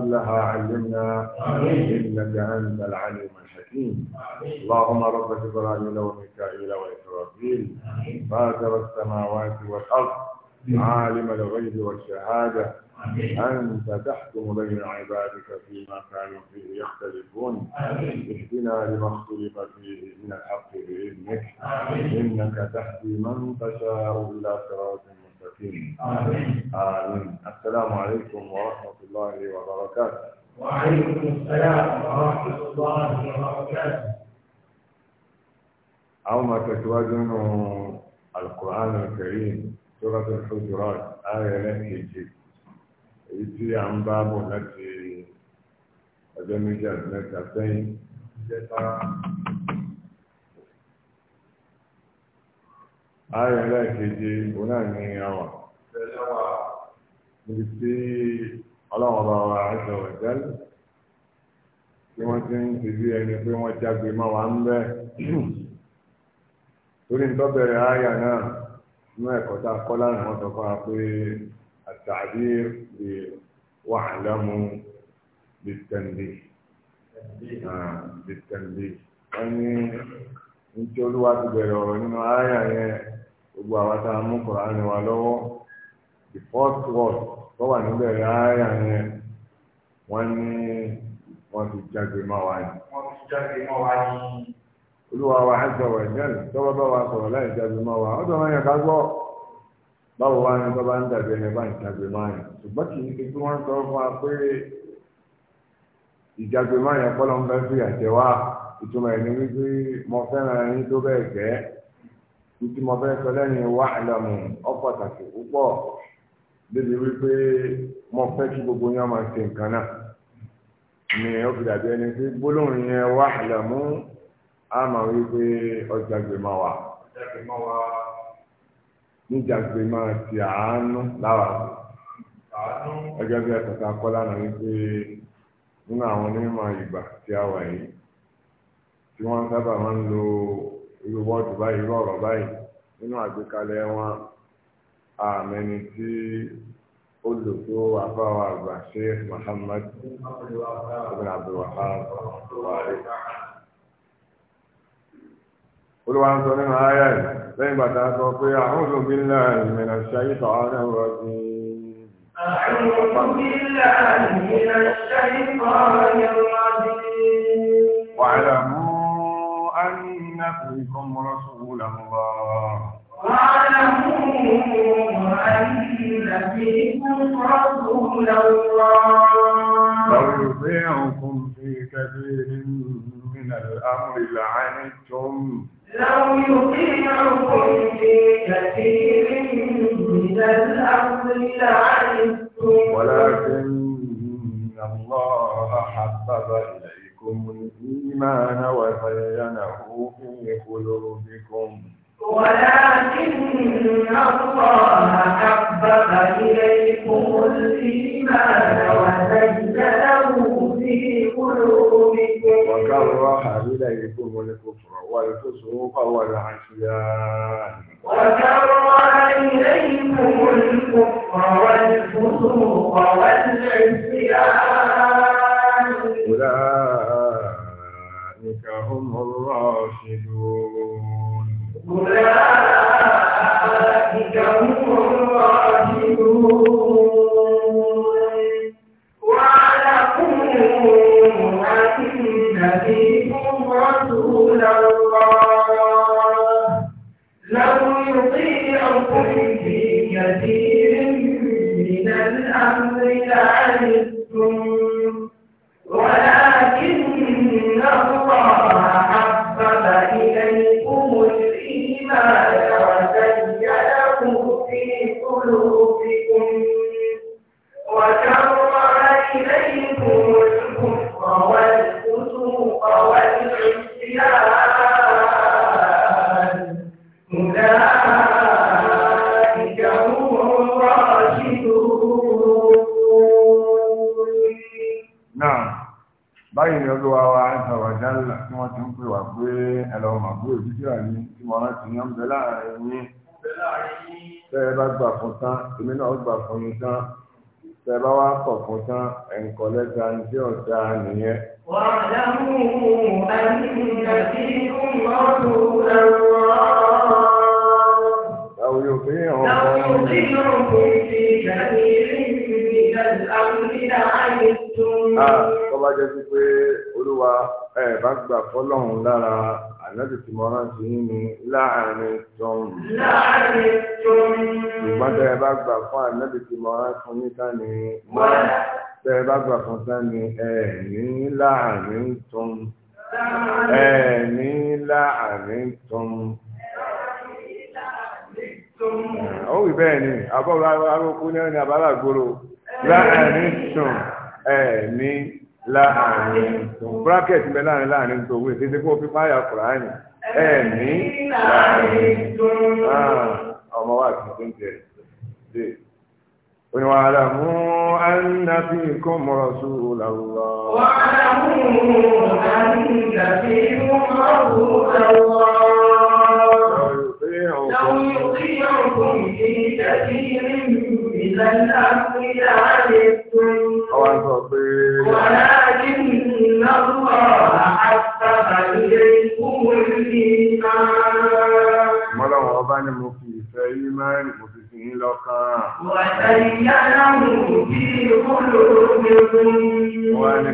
لها علمنا إنك أنت العليم الحكيم اللهم رب إبراهيم وميكائيل وإسرافيل فاتر السماوات والأرض عالم الغيب والشهادة أنت تحكم بين عبادك فيما كانوا فيه يختلفون اهدنا لما اختلف فيه من الحق بإذنك إنك تهدي من تشاء إلى صراط آمين السلام عليكم ورحمة الله وبركاته وعليكم السلام ورحمة الله وبركاته أو ما تتوازن القرآن الكريم سورة الحجرات آية لكي يجي عن باب التي أدمجت لك سين ayọ̀ ẹlẹ́ẹ̀keje òun náà ní àwà níbi tí ọlọ́run ọba wa àjọ ìjálù tí wọ́n ti ń ti bí ẹni pé wọ́n jágbe mọ́ wa ń bẹ́ẹ̀ torí nítorí bẹ̀rẹ̀ ayà náà inú ẹ̀kọ́ tá a kọ́ lánàá wọ́n sọ fún wa pé àtàdé lè wà lámú lè tẹ̀lé wọ́n ní nítorí wá ti bẹ̀rẹ̀ ọ̀rọ̀ nínú ayà yẹn. gbogbo àwọn tá a mú kùránì wa lọ́wọ́ the first word tó wà níbẹ̀ ráyà yẹn wọ́n ní wọ́n ti jáde mọ́ wa ni. wọ́n ti jáde mọ́ wa ni. olúwa wa àjọ wẹ̀ jẹ́lì tọ́wọ́ bá wa sọ̀rọ̀ láì jáde mọ́ wa ọ̀dọ̀ wọn yẹn ká gbọ́ báwo wá ní bábá ń dàbí ẹni bá ń jáde mọ́ yẹn ṣùgbọ́n kì í ṣe kí wọ́n sọ fún wa pé ìjáde mọ́ yẹn kọ́ títí mo fẹ́ sọ lẹ́yìn wá àlọ́mù ọ̀pọ̀tàkì púpọ̀ débi wípé mo fẹ́ kí gbogbo yẹn máa ṣe nǹkan náà ni ó fi dàbí ẹni pé gbólóhùn yẹn wá àlọ́mù á máa wípé ọjà gbèmọ̀ wà níjà gbèmọ̀ ti àánú lára ẹgbẹ́ bí ẹ̀kọ́ta kọ́ lánàá wípé nínú àwọn onímọ̀ ìgbà tí a wà yìí tí wọ́n sábà máa ń lo irú wọ́ọ̀dù báyìí irú ọ̀rọ̀ báyìí nínú àgbékalẹ̀ wọn àmẹni tí ó lò tó àfáwà àgbà Sheikh Muhammad ibn Abdulwahab buhari olùwà ń sọ nínú ayé lẹ́yìn bàtà sọ pé a'udhu billahi minash shaytanir rajim. أعوذ بالله من الشيطان الرجيم واعلم أن فيكم رسول الله واعلموا أن فيكم رسول الله لو يطيعكم في كثير من الأمر لعنتم لو يطيعكم في كثير من الأمر لعنتم ولكن الله حبب عليكم الإيمان وزينه في قلوبكم ولكن الله حبب إليكم الإيمان وزينه في قلوبكم وكره إليكم الكفر والفسوق والعصيان وكره إليكم الكفر والفسوق والعصيان هم الراشدون ẹlọ́mà bí òjíjẹ́ àní tí wọ́n rántí ní ọ̀bẹ láàrin yín tẹ́ bá gbà fún tán èmi náà gbà fún yín tán tẹ́ bá wá kọ̀ fún tán ẹ̀ǹkọ́ lẹ́ta ní tí ọ̀dà nìyẹn. واعلموا أن فيكم رسول الله لو يطيعكم في كثير من الأمر لعنتم. tọ́ba jẹ́ sí pé olúwa ẹ̀ bá gbà fọ́lọ́hún lára ànábì tí mo rántí ní láàrin tóun. láàrin tóun. ìgbọ́n tẹ́ ẹ bá gbà fún ànábì tí mo rántí ní ká ní. wọ́n. tẹ́ ẹ bá gbà fún ká ní ẹ̀ ní láàrin tóun. ẹ̀ ní láàrin tóun. ó wì bẹ́ẹ̀ ni àbọ̀ arókú ní àbálàgbòrò láàrin tóun ẹ̀ láàrin tó bracket bẹ láàrin láàrin tó wé títí kó fi máyà kùránì ẹ̀mí láàrin tó ah, ọmọ wa ti tó ń jẹ dé oníwàhálà mú ànàfi kó mọ̀rọ̀ sí òlàwùrọ̀. wàhálà mú ànàfi kó mọ̀rọ̀ sí òlàwùrọ̀. Láwọn yóò rí ọkùnrin ìdájí nínú. Ọwọ́ ń sọ pé. Mọ́lọ́wọ́ ọba ni mo fi ìfẹ́ yí máa ń ní lọ́kàn. Wọ́n á ní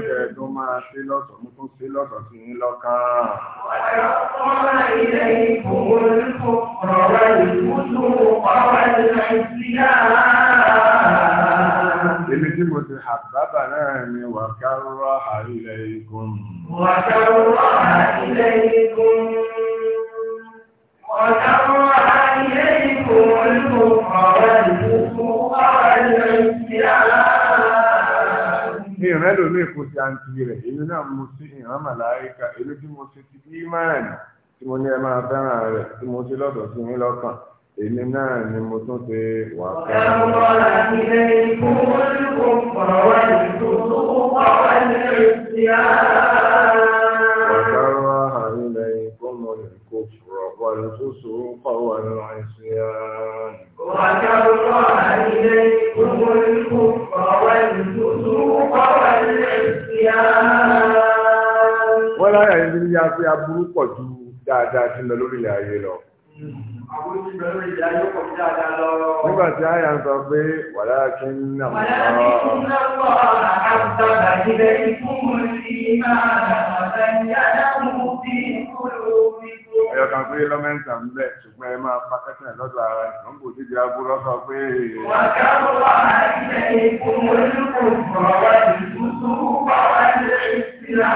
kẹ̀ẹ́dún máa ṣe lọ́sọ̀ mú tún ṣe lọ́sọ̀ sí ní lọ́kàn. Èmi tí mo ti hà bàbà náà ni wà kárọ́ àìlẹ̀ igun. Wà kárọ́ àìlẹ̀ igun. Wà kárọ́ rẹ lómi kò sí àǹtí rẹ̀ èmi náà mo sí ìran màláìka èmi tí mo ṣe ti ímáàlì tí mo ní ẹ máa fẹ́ràn rẹ̀ tí mo ṣe lọ́dọ̀ sí mi lọ́kàn èmi náà ni mo tún ṣe wà fún un. ọ̀gá ọmọ àti ilé ikú wọn ní kò pọ̀ wá ní tòótọ́ wá wá ní èsì àárá. الكفر والفسوق pé aburú pọ̀ ju dáadáa ti lọ lórí ilẹ̀ ayé lọ. Nígbà tí a yà ń sọ pé wàlá kí n nà mọ́. Wàlá kí n nà mọ́ àkàtọ̀ àìbẹ̀ ìfúnmọ̀ sí máa dàgbà ní Adámù sí ìkúrò mi. Ẹyọ kan pé lọ́mẹ́ǹtà ń bẹ̀ ṣùgbọ́n ẹ máa pa kẹ́kẹ́ lọ́dọ̀ ara ẹ̀ ló ń bò dídì agbóró sọ pé. Wàkà wà ilẹ̀ ìfúnmọ̀ olùkọ́ ọ̀rọ̀ ìtútù wà wá ilé ìsìlá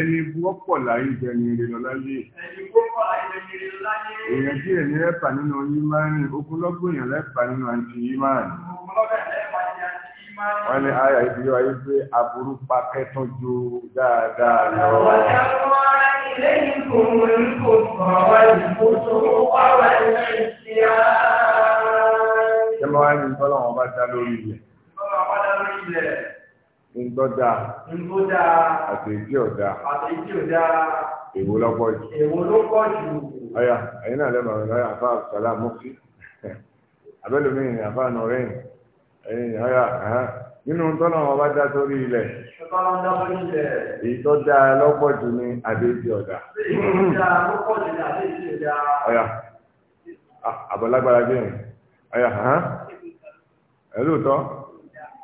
ẹni ibú ọ̀pọ̀ láyé jẹ ní eré lọ láyé. èèyàn tí èmi lẹ́pà nínú yín máa ń okun lọ́gbọ̀n èèyàn lẹ́pà nínú àǹtí yín máa ń. wọ́n ní ayà ibi wáyé pé aburú pa kẹ́tàn ju dáadáa lọ. Lẹ́yìn kò mú kò sọ̀rọ̀ wá ìfòsó wá wá ilé ìṣẹ́ á. Ṣé máa ń ní tọ́lọ́wọ́n bá dá lórí ilẹ̀? Tọ́lọ́wọ́n bá dá lórí ilẹ̀ ńgbọ́dà ńgbọ́dà àtẹ̀jí ọ̀dà àtẹ̀jí ọ̀dà èwo ló pọ̀ jù èwo ló pọ̀ jù. ọ̀yà ẹ̀yin náà lẹ́mọ̀ ọ̀rọ̀ náà àfa sọ̀lá mọ́fí abẹ́lómi ni àfa nọ̀rẹ́yìn ẹ̀yin ọ̀yà nínú tọ́nà wọn bá dá sórí ilẹ̀ èyí tó dá lọ́pọ̀ jù ní àtẹ̀jí ọ̀dà. èyí tó dá lọ́pọ̀ jù ní àtẹ̀jí ọ̀dà. ọ̀yà àbọ̀lágbára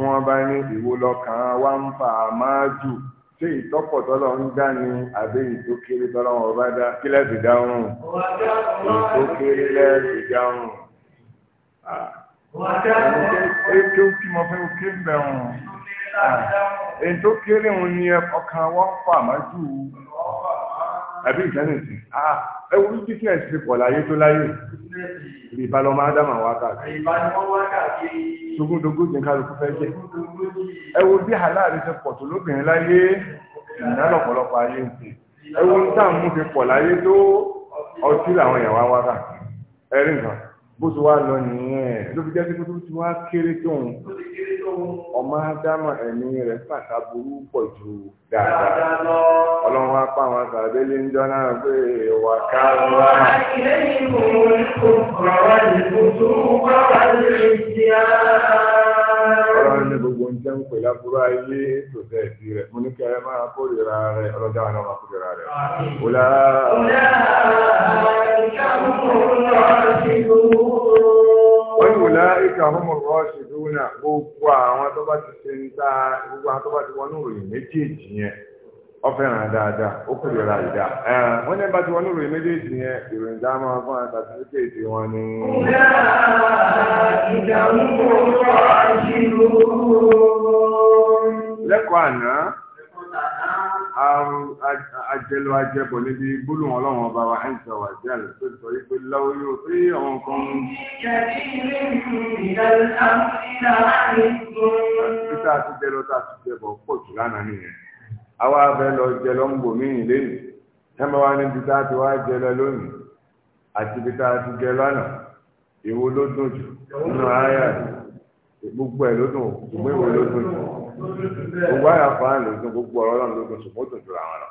tí wọ́n bá ní ìwo lọ́kàn wá ń fà á máa jù ṣé ìtọ́pọ̀ tọ́lọ̀ ń dá ní àbí ìtókéré tọ́lọ̀ wọn bá dá kí lẹ́sì dáhùn ìtókéré lẹ́sì dáhùn. Eke tí mo fẹ́ ké bẹ̀rùn. Ètò kéré òun ni ọkàn wọn fà máa jù àbí ìjánìtì ah ẹwú business ti pọ̀ láyé tó láyé rìbá lọ máa dámà wá káàkiri ṣogúndogún jẹ kálukú fẹ́ jẹ ẹwú bí aláàrí ti pọ̀ tó lóbìnrin láyé ìná lọ̀pọ̀lọpọ̀ ayé ń pè ẹwú táàmù ti pọ̀ láyé tó ọtí làwọn èèyàn wá wá káàkiri ẹ̀rí nǹkan bó ti wá lọ nìyẹn ló fi jẹ́ sí kó tó ti wá kéré tóun ọmọ ádámà ẹ̀mí rẹ̀ pàtà burú pọ̀ ju dáadáa ọlọ́run wá pa àwọn àtàlẹ́ lé ń jọ náà pé wà ká wá. ilé ìwò ìkókòrò ìbùdó wà ní ìdí ọlọ́run ní gbogbo ń jẹun pè lábúrò ayé tó tẹ̀ sí rẹ̀ mo ní kí ẹ máa kórìíra rẹ̀ ọlọ́jà náà máa kórìíra rẹ̀. ọlá. ọlá ìkàwé ọlọ́run ti lò ó. wọ́n ní wòlá ìka homo rọ́ọ̀ṣì lónà gbogbo àwọn tó bá ti ṣe ń ta gbogbo àwọn tó bá ti wọnú ìròyìn méjèèjì yẹn ó dáadáa ó kò lè ra ìdá wọ́n ní bá ti wọnú ìròyìn méjèèjì yẹn ìròyìn fún àwọn wọn ni. lẹ́kọ̀ọ́ àná um, ajẹ́lọ ajẹ́bọ̀ níbi gbólóhùn ọlọ́run ọba wa ẹ̀ǹtẹ̀ wà jẹ́ àlẹ́ tó sọ wípé lọ́wọ́ yóò fi àwọn kan. títà àti jẹ́lọ tá a ti jẹ́bọ̀ pọ̀ jù lánàá nìyẹn àwa abẹ́ lọ jẹ́lọ ń bò míì lẹ́nu ẹ̀mọ́ wa níbi tá a ti wá jẹ́lọ lónìí àti ibi tá a ti jẹ́ lánàá èwo ló dùn jù nínú ayé gbogbo ẹ̀ ló dùn ṣùgbọ́n èwo ló dùn jù gbogbo àyàfà ló dùn gbogbo ọ̀rọ̀ náà ló dùn ṣùgbọ́n ó dùn jù àwọn náà.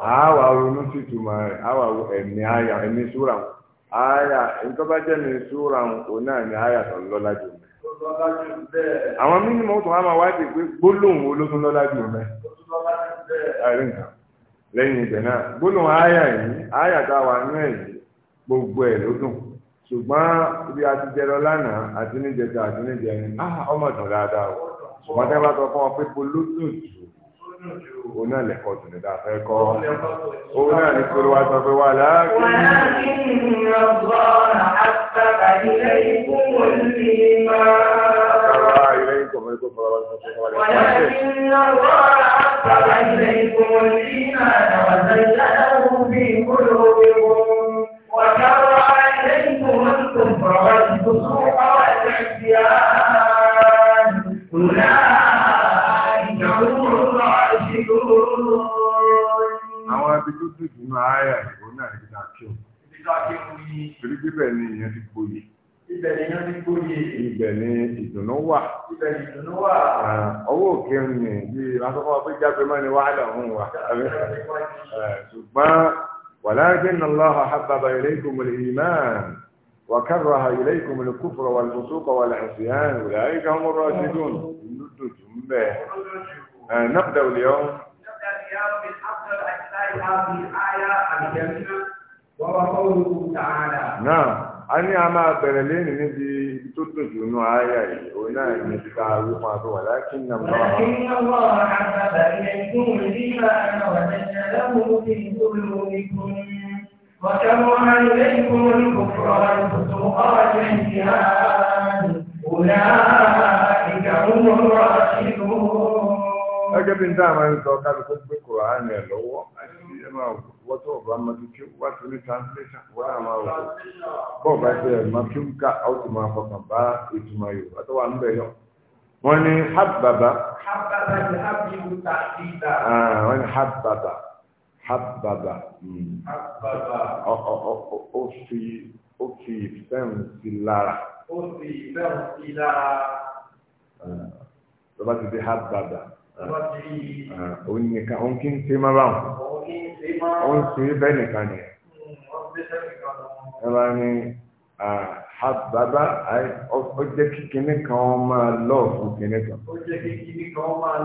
awa ronú sí ìtumọ̀ rẹ̀ àwa ẹ̀mí àyà ẹ̀mí aya wọn àyà nǹkan bá jẹ́ mi súra wọn òun náà ni àyà tó lọ́lá jù mí. àwọn mínímọ̀ tó wá máa wádìí pé gbólóhùn ológun aya jù aya lẹ́yìn ibẹ̀ náà gbólóhùn gbogbo e ṣùgbọ́n ibi ati jẹrọ lánàá ati níjẹta àti níjẹrin ọmọ ah, ìtàn daadaa o ṣùgbọ́n tẹ́ bá sọ fún ọ pé òun náà lẹ̀kọ́ tó ní dáa fẹ́ kọ́ òun náà ní pé wá sọ pé wà láàkì. wà láàkì ní ọgbọ́n àtàkà ilé ikú wò ní ma. Àwọn ilé ikú mi kò fọwọ́ sọ pé wà láàkì. wà láàkì ní ọgbọ́n àtàkà ilé ikú wò ní ma. Àwọn ilé ikú mi kò fọwọ́ sọ pé wà láàkì. وَتَرَى إِلَيْكُمُ الْكُفْرَ وَالْفُسُوقَ وَالْعِصْيَانَ bíbẹ̀ ni èèyàn ti gboyè. ibẹ̀ ni èèyàn ti gboyè. ibẹ̀ ni ìdùnnú wà. ibẹ̀ ni ìdùnnú wà. ọwọ́ òkè ń nì bí lásán pé jágbe má ni wàhálà òun wà. ṣùgbọ́n walakin Allah habbaba ilaykumul iman wa karraha ilaykumul kufra wal fusuqa wal isyan ulaika humur rashidun. ìlú dòjú ń bẹ̀. nabda'u al-yawm. nabda'u al-yawm Náà, a ní a máa bẹ̀rẹ̀ lẹ́nu níbi tó tòjú inú ayà yìí, òun náà ní ká wí fún àbí wà láti nà bá wà. وكم عليكم الكفران فسوقات الجهاد أولئك هم الراشدون. أجب إن دائما يتوقع لكم بكرة عن الله ẹ máa wọ́ tó ọ̀bá máa tó kí ó wá sórí translation wá àmà wọ̀ bọ́ọ̀ bá ṣe ẹ̀ma kí ó ń ká ó ti máa fọkàn bá ìtumọ̀ yorùbá tó wà ń bẹ̀ yọ. wọ́n ní hábàbà. hábàbà ni hábìlú tàbí ìdá. ó fi ìfẹ́ hàn sí lára. ó bá ti di hábàbà. Ah, òun nìkan òun kí ń ṣe má báwọn òun sì ń bẹ́ẹ̀ nìkan ni hmm, ẹ bá ní àbábá ó jẹ́ kan máa lọ fún kinní kan. ó jẹ́ kí kinní kan máa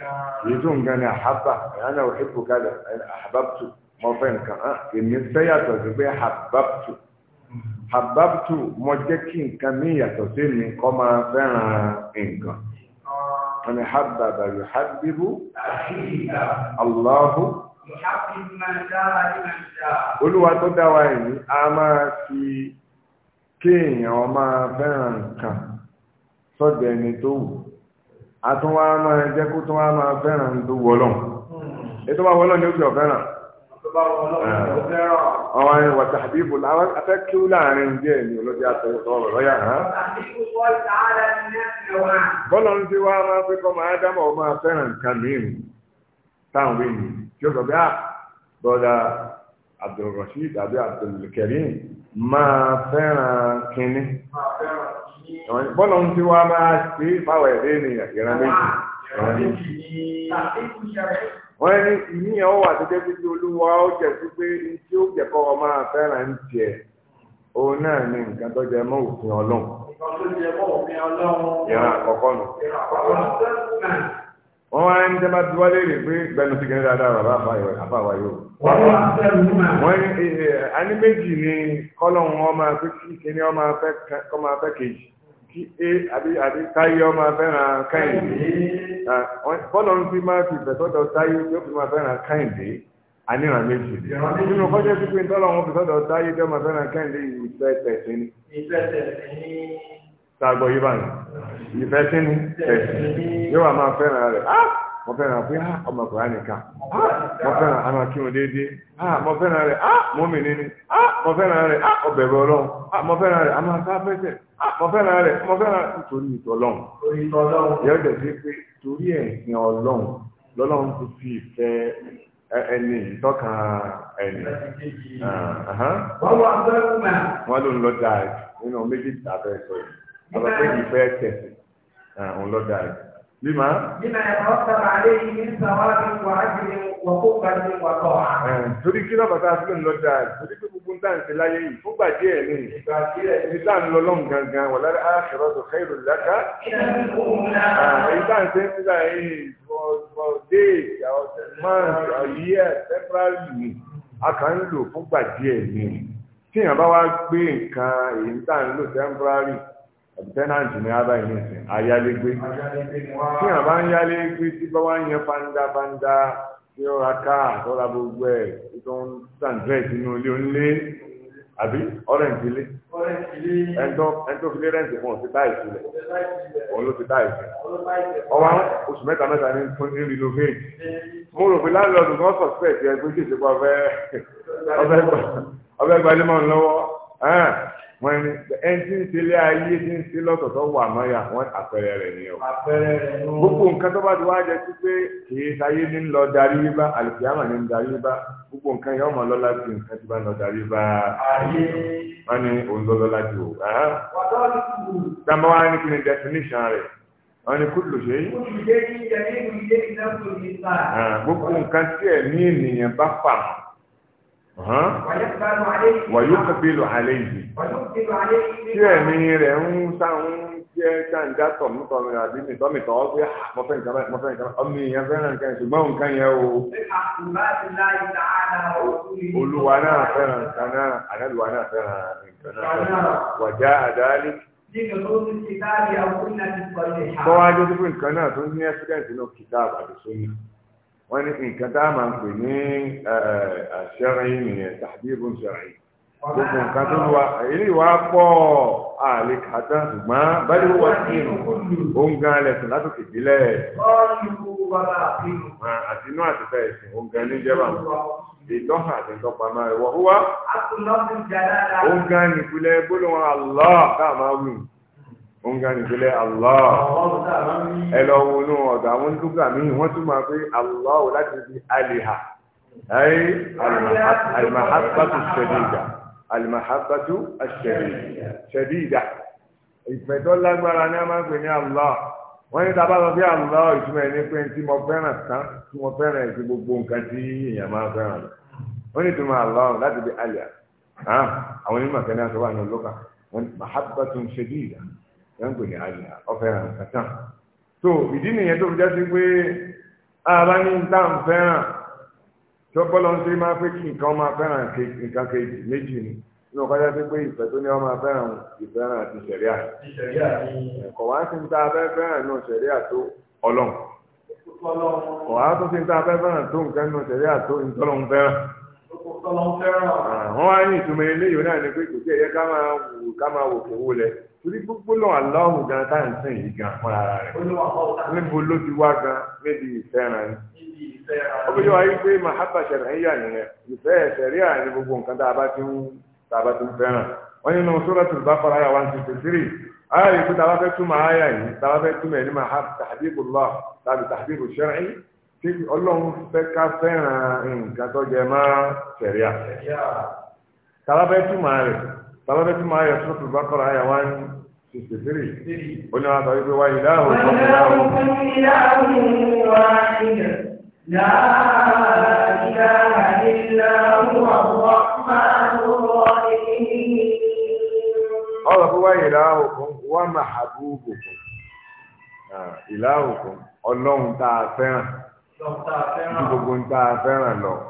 kan. èyí tó ń gan ni àhábà ẹ̀yán náà òṣèlú kádà àhábàbùtù mo fẹ́ nǹkan ah, èmi fẹ́ yàtọ̀ sí pé àhábàbùtù hmm. àhábàbùtù mo jẹ́ kí nǹkan ní ìyàtọ̀ sí mi kọ́ máa fẹ́ràn nǹkan. من حبب يحبب الله olúwa tó dá wa yìí a máa fi kéèyàn ó máa fẹ́ràn nǹkan sọ́dọ̀ ẹni tó wù a tún wá máa jẹ́ kó tún wá máa fẹ́ràn tó wọ́lọ́n ètò bá wọ́lọ́n ni ó fi ọ̀fẹ́ràn ọwọ́ ni wọ́n tàbíbù láwọn afẹ́kí láàrin díẹ̀ ní olóde àtọ̀wọ̀ lọ́yà hàn. bọ́lá ń ti wá máa pé kọ́ máa dámọ̀ ọ máa fẹ́ràn nǹkan mìíràn táwọn wí ni tí ó sọ bí bọ́dà Abdulrasheed àbí Abdulkarim máa fẹ́ràn kínní. bọ́lá ń ti máa ṣe fáwọn ẹ̀dẹ́ ni tàbí wọ́n ní ìní ẹ̀ wà tó jẹ́ pé kí olúwa ó jẹ́ sí pé tí ó jẹ́ kọ́ ọmọ fẹ́ràn ń tiẹ̀ òun náà ní nǹkan tó jẹ mọ́ òfin ọlọ́run. nǹkan tó jẹ mọ́ òfin ọlọ́run. ìran àkọ́kọ́ nù. ìran àkọ́kọ́ nù wọ́n wá ń jẹba tí wọ́n lè rí pé gbẹnu sí kẹrẹ dáadáa bàbá àfàwà yóò wọ́n ní àní eh, eh, méjì ni kọ́lọ̀ wọn máa fẹ́ kí kíní wọn máa fẹ́ kejì kí é àbí àbí táyé ọmọ fẹ́ràn káyìndé ah, bọ́lọ̀ ń fi máa fi bẹ̀sọ́dọ̀ táyé yóò fi máa fẹ́ràn káyìndé àníwàn méjì nínú kọjá sí pé tọ́lọ̀ wọn fi sọ́dọ̀ táyé tó máa fẹ́ràn káyìndé ìfẹ́ tẹ̀sí ni. ìfẹ́ tẹ̀sí ni. sàgbọ̀ yìí bá ní ìfẹ́ sí ni tẹ̀sí yóò wà máa fẹ́ràn rẹ̀. Ah! mo fẹ́ràn pé ah ọmọ ọkùnrin nìkan ah mo fẹ́ràn àmà kí wọn déédéé ah mo fẹ́ràn rẹ̀ ah mo mì ní ni ah mo fẹ́ràn rẹ̀ ah ọbẹ̀ bẹ̀ ọlọ́run ah mo fẹ́ràn rẹ̀ àmà ká fẹ́sẹ̀ ah mo fẹ́ràn rẹ̀ mo fẹ́ràn nítorí ìtọ́ ọlọ́run yóò jẹ́ sí pé torí ẹ̀sìn ọlọ́run lọ́lọ́run ti fi ìfẹ́ ẹni ìtọ́ka ẹni ah, uh-huh. wọ́n ló ń lọ dáa nínú méjì tàbẹ́ sọ yìí ọ̀rọ̀ ìfẹ́ tẹ̀sí ah, bímá. bímá ẹ̀fọ́ sábà lé yìí ń sàwá bí wà á jẹ wà kó bá jẹ wà tọ̀ wá. torí kí lọ́bàtà fún mi lọ́dà torí pé gbogbo nǹkan ti láyé yìí fúngbà díẹ̀ ni. ìgbà díẹ̀ ni. ìgbà ń lọ lọ́hùn gangan wà lára àṣírọ́ tó xẹ́rù lákà. ìgbà ń sẹ́ nígbà yìí for for days or months or years temporarily a kàn ń lò fúngbà díẹ̀ ni. tíyànbá wa gbé nǹkan èyí ń tà ń lò temporary. tẹ́nàntì ní abá yìí ayálégbé tí wọ́n bá ń yálégbé tí bá wá ń yẹ fanda fanda tí ó ra káà gbogbo ẹ̀ ń onílé àbí ẹ̀ńtọ́ fi lé rẹ́ǹtì fún ọ̀sẹ̀ sílẹ̀ òun ló ti sílẹ̀ oṣù mẹ́ta mẹ́ta ní ní mo rò pé láńlọ́ọ̀dù wọ́n ní ẹni tí ń sílé ayé tí ń sí lọ́tọ̀ọ̀tọ̀ wà mọ́yà wọ́n àpẹẹrẹ rẹ̀ ni o. àpẹẹrẹ rẹ̀ ni o. gbogbo nǹkan tó bá ti wá jẹ sí pé kìí sáyé ní lọ darí bá àlùfíàmà ní darí bá gbogbo nǹkan yẹn ọmọ lọ́la ju nǹkan tí bá lọ darí bá. ayé. wọ́n ní òun lọ lọ́la ju o. wàtọ́ ti kú. sábà wá ní kí ni definition rẹ̀ wọ́n ní kúlù ṣe yí. kúlù ṣe yí wàyókùbílù àléyìí tí ẹ̀mí rẹ̀ ń sáwọn jẹ́ sáǹdá tọ̀mùtọ̀mù àbí nìtọ́mìtọ́ pé ah, mọ́fẹ́ nǹkan báyìí mọ́fẹ́ nǹkan báyìí ọmọ èèyàn fẹ́ràn nǹkan ṣùgbọ́n nǹkan yẹn o. olúwa náà fẹ́ràn nǹkan náà àdálùwà náà fẹ́ràn nǹkan náà wàjá àdáálì. kọ́wájú tó pé nǹkan náà tó ní ẹ́sídẹ̀ǹtì náà kìtà àbàdì sómi wọ́n ní nǹkan tá a máa ń pè ní àṣẹrin nìyẹn tàbíbùn ṣẹrin gbogbo nǹkan tó wà èyí wà pọ̀ àlè kàtà ṣùgbọ́n báyìí ó wà sí inú oúnjẹ ẹlẹ́sìn látòkè ìbílẹ̀ àtinú àtìfẹ́ ẹ̀sìn oúnjẹ níjẹba ìtọ́hà àti ìtọ́pamọ́ ẹ̀wọ̀ wá oúnjẹ nìpínlẹ̀ gbólóhùn àlọ́ tá máa wù ó ń ga nìgbélé Allah ẹ lọ wo inú ọ̀dọ̀ àwọn onílùgbà míì wọ́n tún máa pé Allah láti fi aliha ayé alimahabatu ṣẹdíìdà alimahabatu ṣẹdíìdà ìfẹ̀tọ́ lágbára ní a máa ń pè ní Allah wọ́n ní tábà lọ bí Allah ìtumọ̀ ẹni pé tí mo fẹ́ràn tán tí mo fẹ́ràn ẹ̀sìn gbogbo nǹkan tí èèyàn máa fẹ́ràn wọ́n ní ìtumọ̀ Allah láti fi aliha àwọn onímọ̀ kẹ́ni àti wà ní olóka wọ́n ní mahabatun ṣẹdíìdà ń pè ní àyà ọ̀fẹ́ràn kàtà tó ìdí nìyẹn tó fi jásí pé ara ní ta ń fẹ́ràn tó bọ́lọ́ ń ṣe máa pé kí nǹkan máa fẹ́ràn nǹkan kejì méjì ni inú ọkọ jásí pé ìfẹ́ tó ní ọ máa fẹ́ràn ìfẹ́ràn àti ṣẹ̀ríà ẹ̀kọ́ wá sí ta abẹ́ fẹ́ràn náà ṣẹ̀ríà tó ọlọ́run kọ̀ wá tó sí ta abẹ́ fẹ́ràn tó nǹkan náà ṣẹ̀ríà tó ìtọ́lọ́run fẹ́ràn wọ́n wá ní ìtumọ̀ eléyìí náà ni pé kò sí ẹ̀yẹ ká máa wò ká máa wò kò wó lẹ̀ torí gbogbo lọ aláwọ̀ gan tá à ń sìn yìí gan fúnra rẹ̀ níbo ló ti wá gan níbi ìfẹ́ràn ni ó bí wáyé pé mahaba ṣẹ̀ríyà nìyẹn ìfẹ́ ṣẹ̀ríyà ní gbogbo nǹkan tá a bá ti ń tá a bá ti ń fẹ́ràn wọ́n nínú suratul Baqara àyà one sixty three àyà yìí kó tá a bá fẹ́ túmọ̀ àyà yìí tá a bá fẹ́ túmọ̀ ẹ̀ ní mahaba tàbí tahdibu shar'i tí bàbá bẹ́ẹ̀ tí máa yẹ sọ́tù bá kọ́ra àyà wá ní sixty three ó ní wọn sọ wípé wá ìlà òun fún ìlà òun fún ìlà òun wá ìlà láàrín láàrín a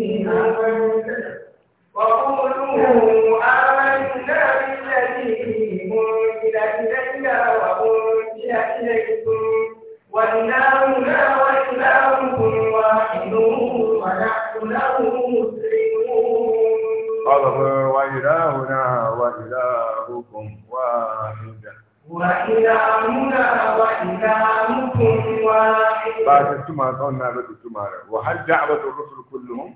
وقولوا آمنا بالذي أنزل إلينا وأنزل إليكم وإلهنا وإلهكم واحد ونحن له مسلمون قال وإلهنا وإلهكم واحد وإلهنا وإلهكم واحد بعد الجمعة قلنا بعد الجمعة وهل دعوة الرسل كلهم؟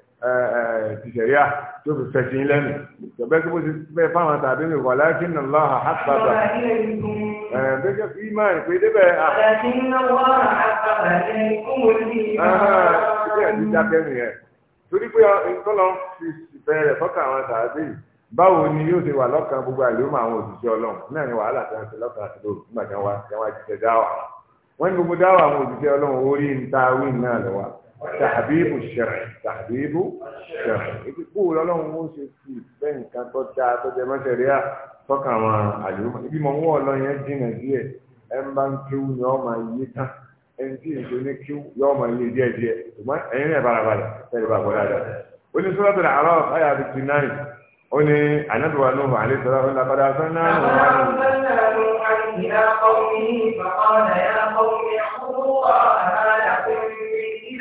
tìṣẹ̀ríà tó fi fẹ̀sí lẹ́nu ìjọba kí bó ti bẹ́ẹ̀ fáwọn tàbí mi wà láti nà lọ́hà àpàtà bẹ́ẹ̀ kí máa ń pè débẹ̀ àpàtà torí pé ìtọ́lọ́ fi ìfẹ́ rẹ̀ fọ́kàn àwọn tàbí báwo ni yóò ṣe wà lọ́kàn gbogbo àìlómọ àwọn òṣìṣẹ́ ọlọ́run náà ni wàhálà tí wọ́n ti lọ́kàn àti lóru nígbà tí wọ́n wá jíṣẹ́ dáwà wọ́n ní gbogbo dáwà àwọn òṣìṣẹ́ ọlọ́run orí ń ta wí náà lọ́wọ́ tàbíbù ṣẹ̀rẹ̀ tàbíbù ṣẹ̀rẹ̀ ibi kú lọ́lọ́run ó ṣe fi ìfẹ́ nǹkan tó dáa tó jẹ mọ́ṣẹ̀ rí à tọ́ka àwọn àlùmọ́ ibi mọ̀ ń wọ̀ lọ yẹn jìnnà díẹ̀ ẹ ń bá ń kíw ni ọ máa yé tán ẹni tí èso ní kíw yọ ọ máa yé díẹ̀ díẹ̀ ṣùgbọ́n ẹ̀yin náà bára fẹ́ẹ́ bá bọ́ dáadáa ó ní sọ́dọ̀tì àárọ̀ àyà fifty nine ó ní ànábìwá nùhùn àlẹ́ sọ́dọ̀ ó lápadà sọ́nà nùhùn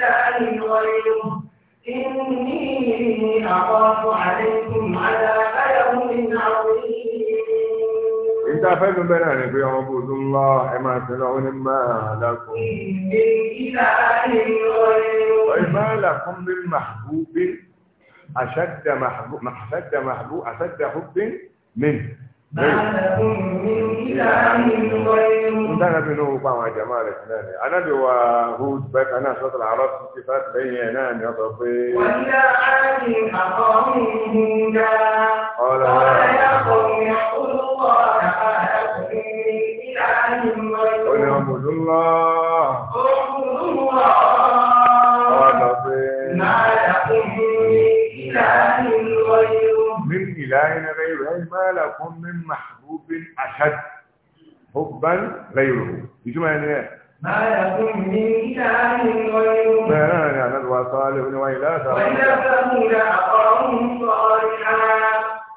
الله غيره إني أخاف عليكم على يوم عظيم إذا فهم بناني في عبود الله ما تدعون ما لكم من إلهي غيره وما لكم من محبوب أشد محبوب أشد محبوب أشد حب منه Ndára bí lóhùn pa àwọn àjàmá rẹ̀ sí náà ni. Anábì wa Hood Bẹ́kà náà sọ́tọ̀ àárọ̀ sí ti fẹ́ lẹ́yìn ẹ̀ náà ni ọ sọ pé. Wọ́n dá àárín àkọ́ ما لكم من محبوب أشد حبا غيره يجمع يعني إيه؟ ما لكم من إله غيره ما يعني نبوى صالح وإلا ثمود أخاهم صالحا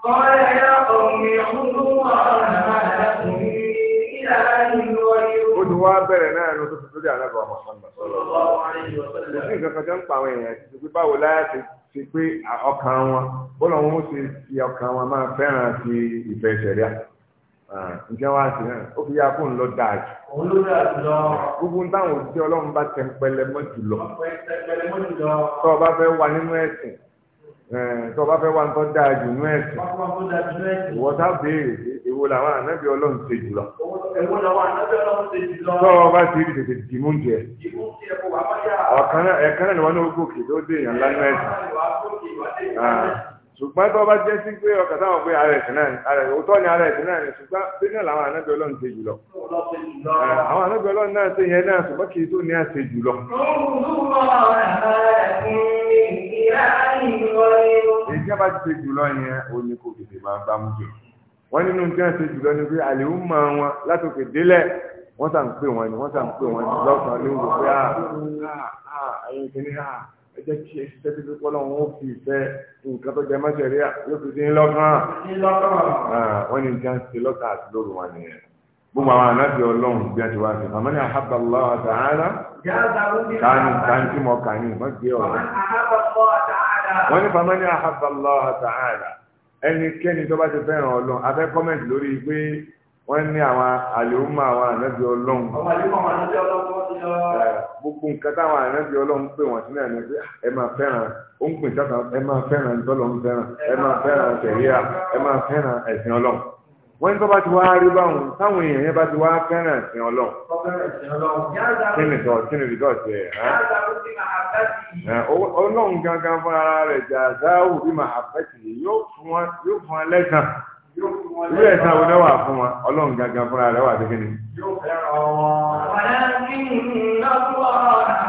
قال يا قوم اعبدوا الله ما لكم من إله غيره قد هو بلنا أن تفضل محمد صلى الله عليه وسلم. ti pé ọkàn wọn ó lọ wọn ó ṣe fi ọkàn wọn máa fẹ́ràn ti ìfẹ́ ìṣẹ̀lẹ̀ ǹjẹ́ wá sí náà ó fi yá fún un lọ dáa jù. òun ló dáa jù lọ. gbogbo ń táwọn òṣìṣẹ́ ọlọ́run bá tẹ̀ ń pẹlẹmọ́ jù lọ. tọ́ ọ bá fẹ́ wà nínú ẹ̀sìn Eh, tó bá fẹ́ wá nǹkan dáa jù nú ẹ̀sìn ìwọ tá béèrè èwo làwọn ànábì ọlọ́run ṣe jù lọ. èwo làwọn ànábì ọlọ́run ṣe bá ti rí tètè dìmú jẹ. dìmú náà ni wọn ní ogókè tó dé èèyàn ńlá nú ẹ̀sìn ah, ṣùgbọ́n tó bá jẹ́ sí pé ọkà táwọn pé ara ẹ̀sìn náà òótọ́ ni ara ẹ̀sìn náà ni ṣùgbọ́n bí náà làwọn anábì ọlọ́run ṣe jùlọ. Ah, àwọn anábì ọlọ́run náà ṣe yẹn náà ṣùgbọ́n kì í tó ní èyí tí a bá ti ṣe jùlọ yẹn ó ní kò tètè máa gbá mú jù wọn nínú tí wọn ṣe jùlọ ni pé àlè ń wọn látòkè délẹ̀ wọn sàn ń wọn ni wọn sàn ń wọn ni lọ́sàn-án ló wò pé àyìn kìíní ẹ jẹ́ kí ẹ ṣiṣẹ́ títí pọlọ wọn ó fi ìfẹ́ nǹkan tó jẹ mọṣẹrí yóò fi dín lọ́kàn wọn ni tí wọn ṣe lọ́kàn àti lóru wọn nìyẹn gbogbo àwọn anábì Ọlọ́run bí a ti wá sí àmọ́ ní àhábàlá àtàhánà kánú kánú tí mo kà ní ìmọ̀ gbé ọ̀rọ̀ wọ́n ní fama ní ahaballah ta'ala ẹnikẹ́ni tó bá ti fẹ́ràn ọlọ́run afẹ́ kọ́mẹ̀ntì lórí pé wọ́n ní àwọn àlèhùnmọ́ àwọn ànábì ọlọ́run. gbogbo nǹkan táwọn ànábì ọlọ́run pè wọ́n sílẹ̀ ní pé ẹ máa fẹ́ràn ó ń pè sáta ẹ máa fẹ́ràn tọ́lọ́run fẹ́ràn ẹ máa fẹ́ràn tẹ̀ríà ẹ máa fẹ́ràn ẹ̀sìn ọlọ́run wọ́n ní tó bá ti wá rí báwọn táwọn èèyàn yẹn bá ti wá fẹ́ràn ẹ̀sìn ọlọ́run. kí ọlọ́run gangan fún rẹ̀ jà záwù bí màhábẹ́tì yóò fún wọn yóò fún wọn lẹ́sàn wà fún wọn ọlọ́run gangan fúnra rẹ̀ wà dégbé ni. yóò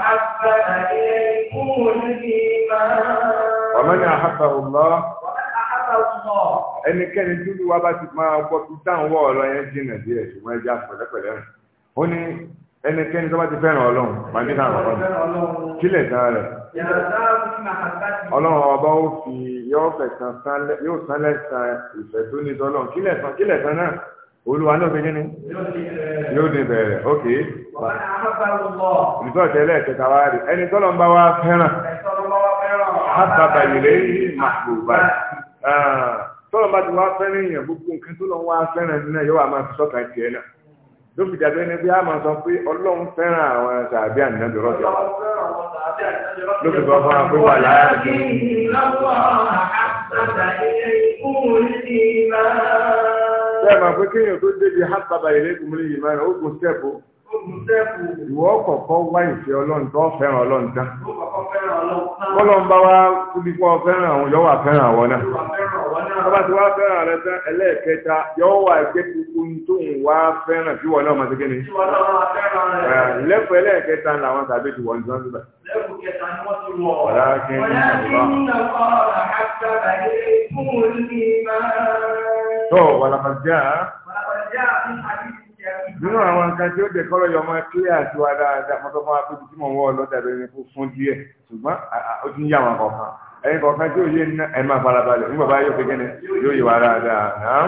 àhàbà ẹnikẹ́ni tí bá ti máa gbọ́ táwọn ní ẹnikẹ́ni tó bá ti fẹ́ràn ọlọ́run máa ní ká àwọn ọlọ́run kílẹ̀ tán rẹ̀ ọlọ́run ọba ó fi yóò fẹ̀sán yóò sán lẹ́sàn ìfẹ́ tó ní tọ́lọ́run kílẹ̀ tán kílẹ̀ tán náà olúwa náà fi kíni yóò ní bẹ̀rẹ̀ ok olùtọ́ tẹ́lẹ̀ kẹta wá rí ẹni tọ́lọ́ ń bá wá fẹ́ràn hábàbà ìrẹ́ màkùbà ah, tọ́lọ́ bá ti wá fẹ́ràn èèyàn gbogbo nǹkan tó lọ́ wá fẹ́ràn náà yóò wá máa fi sọ́kàn tiẹ̀ náà. ló fi dàbí ẹni bí a máa sọ pé ọlọ́run fẹ́ràn àwọn sàbí ànínájọ lọ́jọ́ ló fi sọ fún wa pé wà láyà kí. bẹ́ẹ̀ máa pé kéèyàn tó débi hábàbà ìlẹ́kùn mi yìí máa ń ogun ìwọ kọ̀ọ̀kan wá ìfẹ́ ọlọ́run tó fẹ́ràn ọlọ́run tán bá tó bá ti wá fẹ́ràn rẹ tán ẹlẹ́ẹ̀kẹta yóò wà ẹgbẹ́ tuntun tó ń wá fẹ́ràn sí wọn náà kí ni. lẹ́kọ̀ọ́ ẹlẹ́ẹ̀kẹta làwọn tàbí ti wọ́n sọ́n síbẹ̀. lẹ́kọ̀ọ́ kẹta ni wọ́n ti wọ̀ ọ́. ọ̀la kí n lọ́kọ́ àkàtà àdé fún òní nínú àwọn nǹkan tí ó jẹ́ kọ́rọ̀ yọ máa kílẹ̀ àti wa dáadáa mọ́tò fún akébi tí mò ń wọ́ ọlọ́dà bẹ́ẹ̀ ni fún díẹ̀ ṣùgbọ́n ó ti ń yà wọn kọ̀ọ̀kan ẹ̀yin kọ̀ọ̀kan tí ó yé ní ẹ̀ máa farabalẹ̀ nígbà bá yóò fi gẹ́nẹ̀ yóò yé wa dáadáa náà.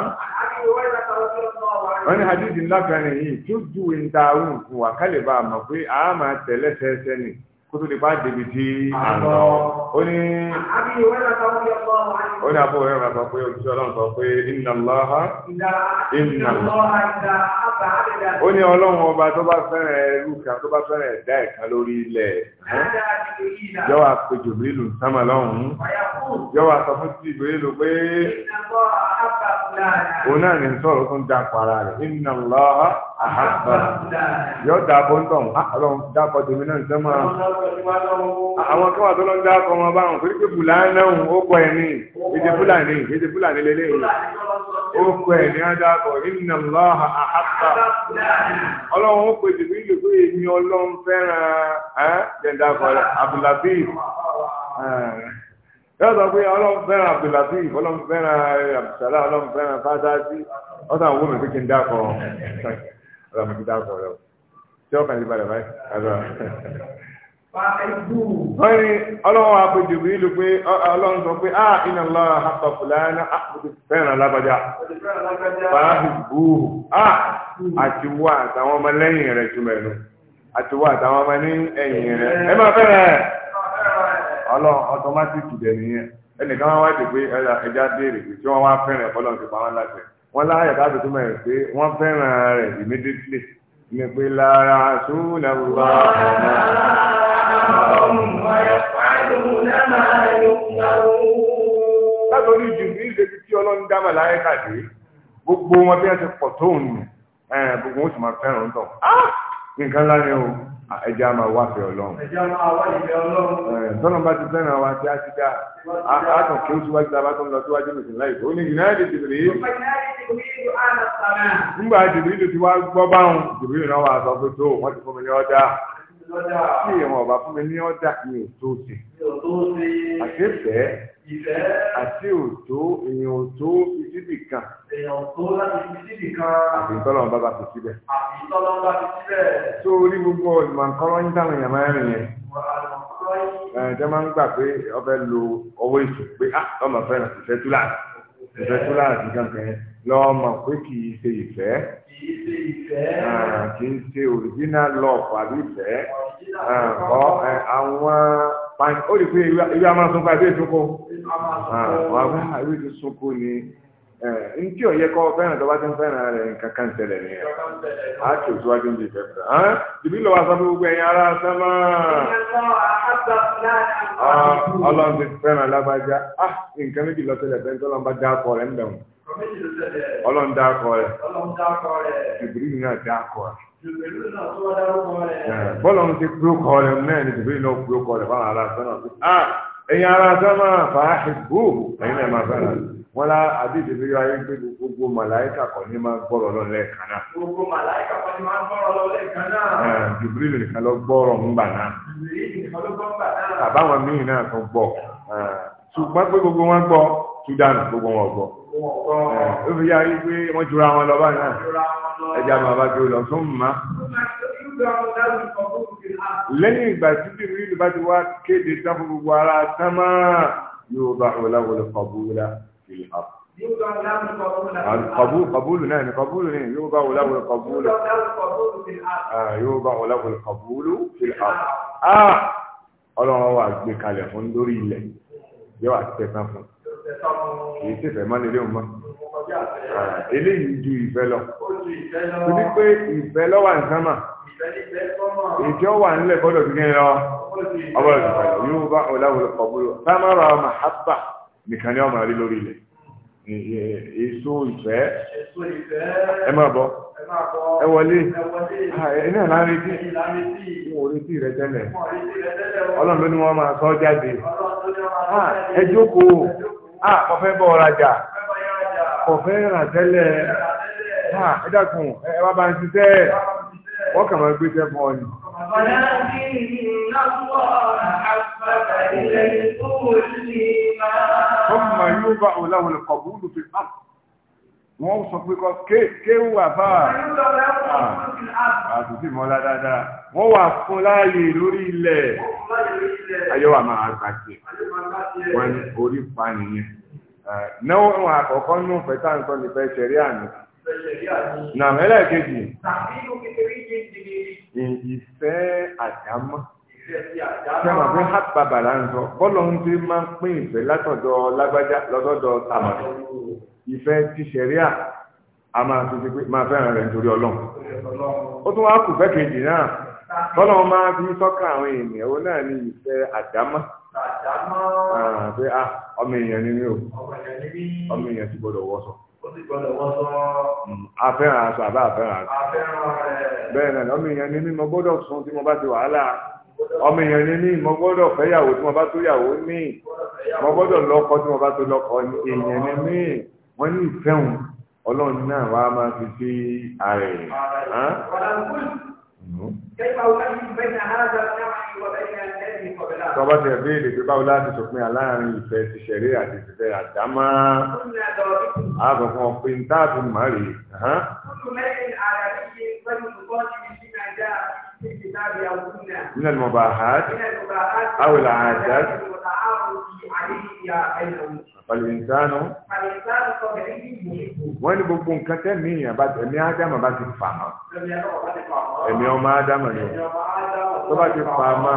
wọ́n ní hadith ńlá kan nìyí tó ju ìdáhùn fún wa kálí a mọ̀ pé àá máa tẹ̀lé sẹ́sẹ́ nìyí kó tó lè bá débi tí à ń lọ. ó ní ó ní àbúrò rẹ̀ sọ pé òṣìṣẹ́ ọlọ́run sọ pé inna Allaha ó ní ọlọ́run ọba tó bá fẹ́ràn ẹrú tó bá fẹ́ràn ẹ̀dá ẹ̀ka lórí ilẹ̀ yọ wá pé jòbìrìlù sámà lọ́hùn-ún yọ wá sọ fún jòbìrìlù pé òun náà ní sọ̀rọ̀ tó ń da para rẹ̀ nínú lọ àhàbà yọ dàbọ̀ ń tọ̀ ah, ọlọ́run dàbọ̀ tèmi náà sẹ́mà àwọn kan tó lọ ń ọmọ bá wọn náà ó ẹ̀ ní èdè èdè lélẹ́yìn ó ẹ̀ ní lọ àhàbà ọlọ́run ó pè dákọ̀ rẹ̀ Abdulatif eh, yóò sọ pé ọlọ́run fẹ́ràn Abdulatif ọlọ́run fẹ́ràn eh, Abdulsalam ọlọ́run fẹ́ràn fásitì ọ̀sán àwọn gómìnà kékeré dákọ̀ ọlọ́run fi dákọ̀ rẹ̀ tí ọkàn yìí balẹ̀ báyìí wọ́n ní ọlọ́run àpèjì bí lu pé ọlọ́run sọ pé ah iná lọ àpapọ̀ fúlàní àpòtò fẹ́ràn lábàjá fàáhì búhù ah àti wá àtàwọn ọmọ lẹ́yìn rẹ̀ túmọ̀ ẹ̀nu àtiwọ́ àtàwọn ọmọ ní ẹ̀yìn rẹ̀ ẹ máa fẹ́rẹ̀ ẹ̀ ọlọ́run ọtọmátìkì dẹ̀ nìyẹn ẹnìkan wá wáyé pé ẹja béèrè pé tí wọ́n wá fẹ́ràn ọlọ́run ti pa wọ́n láṣẹ wọ́n láàyè káàtó tó mẹ́rin pé wọ́n fẹ́ràn rẹ̀ immediately ní pé lára súnà wà látọ̀rí jù ní ìdẹ́bi tí ọlọ́run dámà láyé kàdé gbogbo wọn bí wọ́n ti pọ̀ tóun nù gbogbo wọn sì máa fẹ́ràn ń nǹkan ńlá ni o ẹja máa wá fẹ́ ọlọ́run. ẹja máa wá ìfẹ́ ọlọ́run. tọ́lọ́n bá ti fẹ́ràn wa tí a ti dá a kàn kí ó síwájú tá a bá tó ń lọ síwájú lòsì láì tó ní united jìbìrì. nígbà jìbìrì tó ti wá gbọ́ báwọn jìbìrì náà wà sọ pé tó wọ́n ti fún mi ní ọjà. Tí ìwọ̀n ọ̀bà fún mi ní ọ̀dà ni òtó ṣe. Àti ìfẹ́. Ìfẹ́. Àti òtó èèyàn òtó fi síbì kan. Èèyàn òtó láti fi síbì kan. Àbí tọ́lọ́run bá bá fi síbẹ̀. Àbí tọ́lọ́run bá fi síbẹ̀. Sórí gbogbo ìmọ̀ nǹkan lọ́yìn táwọn èèyàn máa ń rìn yẹn. Ẹ jẹ́ máa ń gbà pé ọbẹ̀ lo ọwọ́ ìṣù pé ah, ọmọ fẹ́ràn ìfẹ́ túláàsì ìfẹ́ tó láàrín kankan lọ́ọ́ mọ̀ pé kì í ṣe ìfẹ́ kì í ṣe ìfẹ́ kì í ṣe original love àbí ìfẹ́ ọ àwọn ó rí i pé ìwé ntí ọ̀yẹ́ kọ́ fẹ́ràn tó bá ti kan ṣẹlẹ̀ ní ẹ̀ á kì í síwájú ní ìfẹ́ fẹ́ràn án jìbí lọ́wọ́ sọ fún gbogbo ẹ̀yin ará sábà ọlọ́run ti fẹ́ràn lágbájá á nǹkan méjì lọ́sẹ̀lẹ̀ fẹ́ tọ́lọ́n bá dá akọ rẹ̀ wọ́n lá àdìsí fi yọ ayé pé gbogbo màláìkà kan ní máa gbọ́rọ̀ lọ lẹ́ẹ̀kan náà. gbogbo màláìkà kan ní máa gbọ́rọ̀ lọ lẹ́ẹ̀kan náà. jùbìrì nìkan ló gbọ́rọ̀ ńgbà náà. jùbìrì nìkan ló gbọ́ ńgbà náà. àbáwọn míì náà tó gbọ́ ṣùgbọ́n pé gbogbo wọn gbọ́ sudan gbogbo wọn gbọ́. ó fi yá ayé pé jura wọn lọ báyìí náà ẹja bàbá tó lọ fún mọ́. lẹ́yìn ìgbà tí jùbìrì bá ti wá kéde sáfún gbogbo ara sámá yóò bá òun láwọlé kọ̀ọ̀bù القبول قبول نعم قبول نعم يوضع له القبول يوضع له القبول في الأرض آه ọlọ́run wa gbé kalẹ̀ fún lórí ilẹ̀ yóò wá tẹ̀sán fún kì í tẹ̀fẹ̀ mọ́ nílé òun mọ́ ah, eléyìí ju ìfẹ́ lọ torí pé ìfẹ́ lọ́wọ́ nǹkan mà ìjọ wà nílẹ̀ gbọ́dọ̀ fi kí ni lọ ọgbọ́dọ̀ fi kí ni lọ yóò bá ọ̀làwọ̀ lọ́kọ̀ọ́bùrọ̀ sámárà mahabba. nìkan ni ọmọ rí lórí ilẹ̀ èso ìfẹ́ ẹ máa bọ̀ ẹ wọlé iná ìlànà retí wọn ò retí rẹ tẹ́lẹ̀ ọlọ́run ló ní wọ́n máa sọ jáde ẹ jókòó kò fẹ́ bọ́ rajà rà tẹ́lẹ̀ ẹ ẹ bá ń ṣiṣẹ́ wọ́n kà máa gbé ولكن الله حبب إليكم الإيمان ثم يوضع له القبول في الأرض wọ́n sọ pé kọ́ kéwù àbáà àtúntì mọ́lá dáadáa wọ́n wà fún láàyè lórí ilẹ̀ ayọ́wà máa gbàgbé wọ́n orí pa nìyẹn ah, náà àkọ́kọ́ nù fẹ́ táǹkọ́ Nà mẹ́lẹ̀ kejì. Ìfẹ́ àdámọ́. Sẹ́wọ̀n fún hápá bàlá ń sọ, bọ́lọ̀ ń tí máa ń pín ìfẹ́ látọ̀dọ̀ lágbájá lọ́dọ̀dọ̀ tàmàdà. Ìfẹ́ ti ṣẹ̀ríà a máa tó ti pé máa fẹ́ràn rẹ̀ nítorí ọlọ́run. Ó tún wá kù fẹ́ kejì náà. Bọ́lọ̀ máa fi sọ́kà àwọn ènìyàn ó náà ní ìfẹ́ àdámọ́. Àdámọ́. Àbẹ́ ah, ọmọ èèyàn ni mí o. Ọmọ èèyàn ti gbọ́dọ̀ wọ́sọ̀. Hmm, afẹ́ràn aṣọ àbá afẹ́ràn aṣọ. Bẹ́ẹ̀ náà ọmọ èèyàn ní mímọ gbọ́dọ̀ sun tí mo bá ti wàhálà. Ọmọ èèyàn ní ní mo gbọ́dọ̀ fẹ́yàwó tí mo bá tó yàwó ní. Mo gbọ́dọ̀ lọ́kọ tí mo bá tó lọ́kọ èèyàn ní mí. Wọ́n ní ìfẹ́hùn ọlọ́run náà wá máa fi sí ààrẹ. Hmm. Kẹ́kọ̀ọ́ wá ní bẹ́ẹ̀ ni tọ́ba tẹ̀ béèrè pé báwo láti sòpin aláàárín ìfẹ́ ti ṣẹ̀rí àti ìfẹ́ àdámá àbọ̀kan òpin táàbù márì. من المباحات أو العادات فالإنسان wọ́n ní gbogbo nǹkan tẹ́mi ẹ̀mí ádámà bá ti fà mọ́ ẹ̀mí ọmọ ádámà yẹn tó bá ti fà mọ́.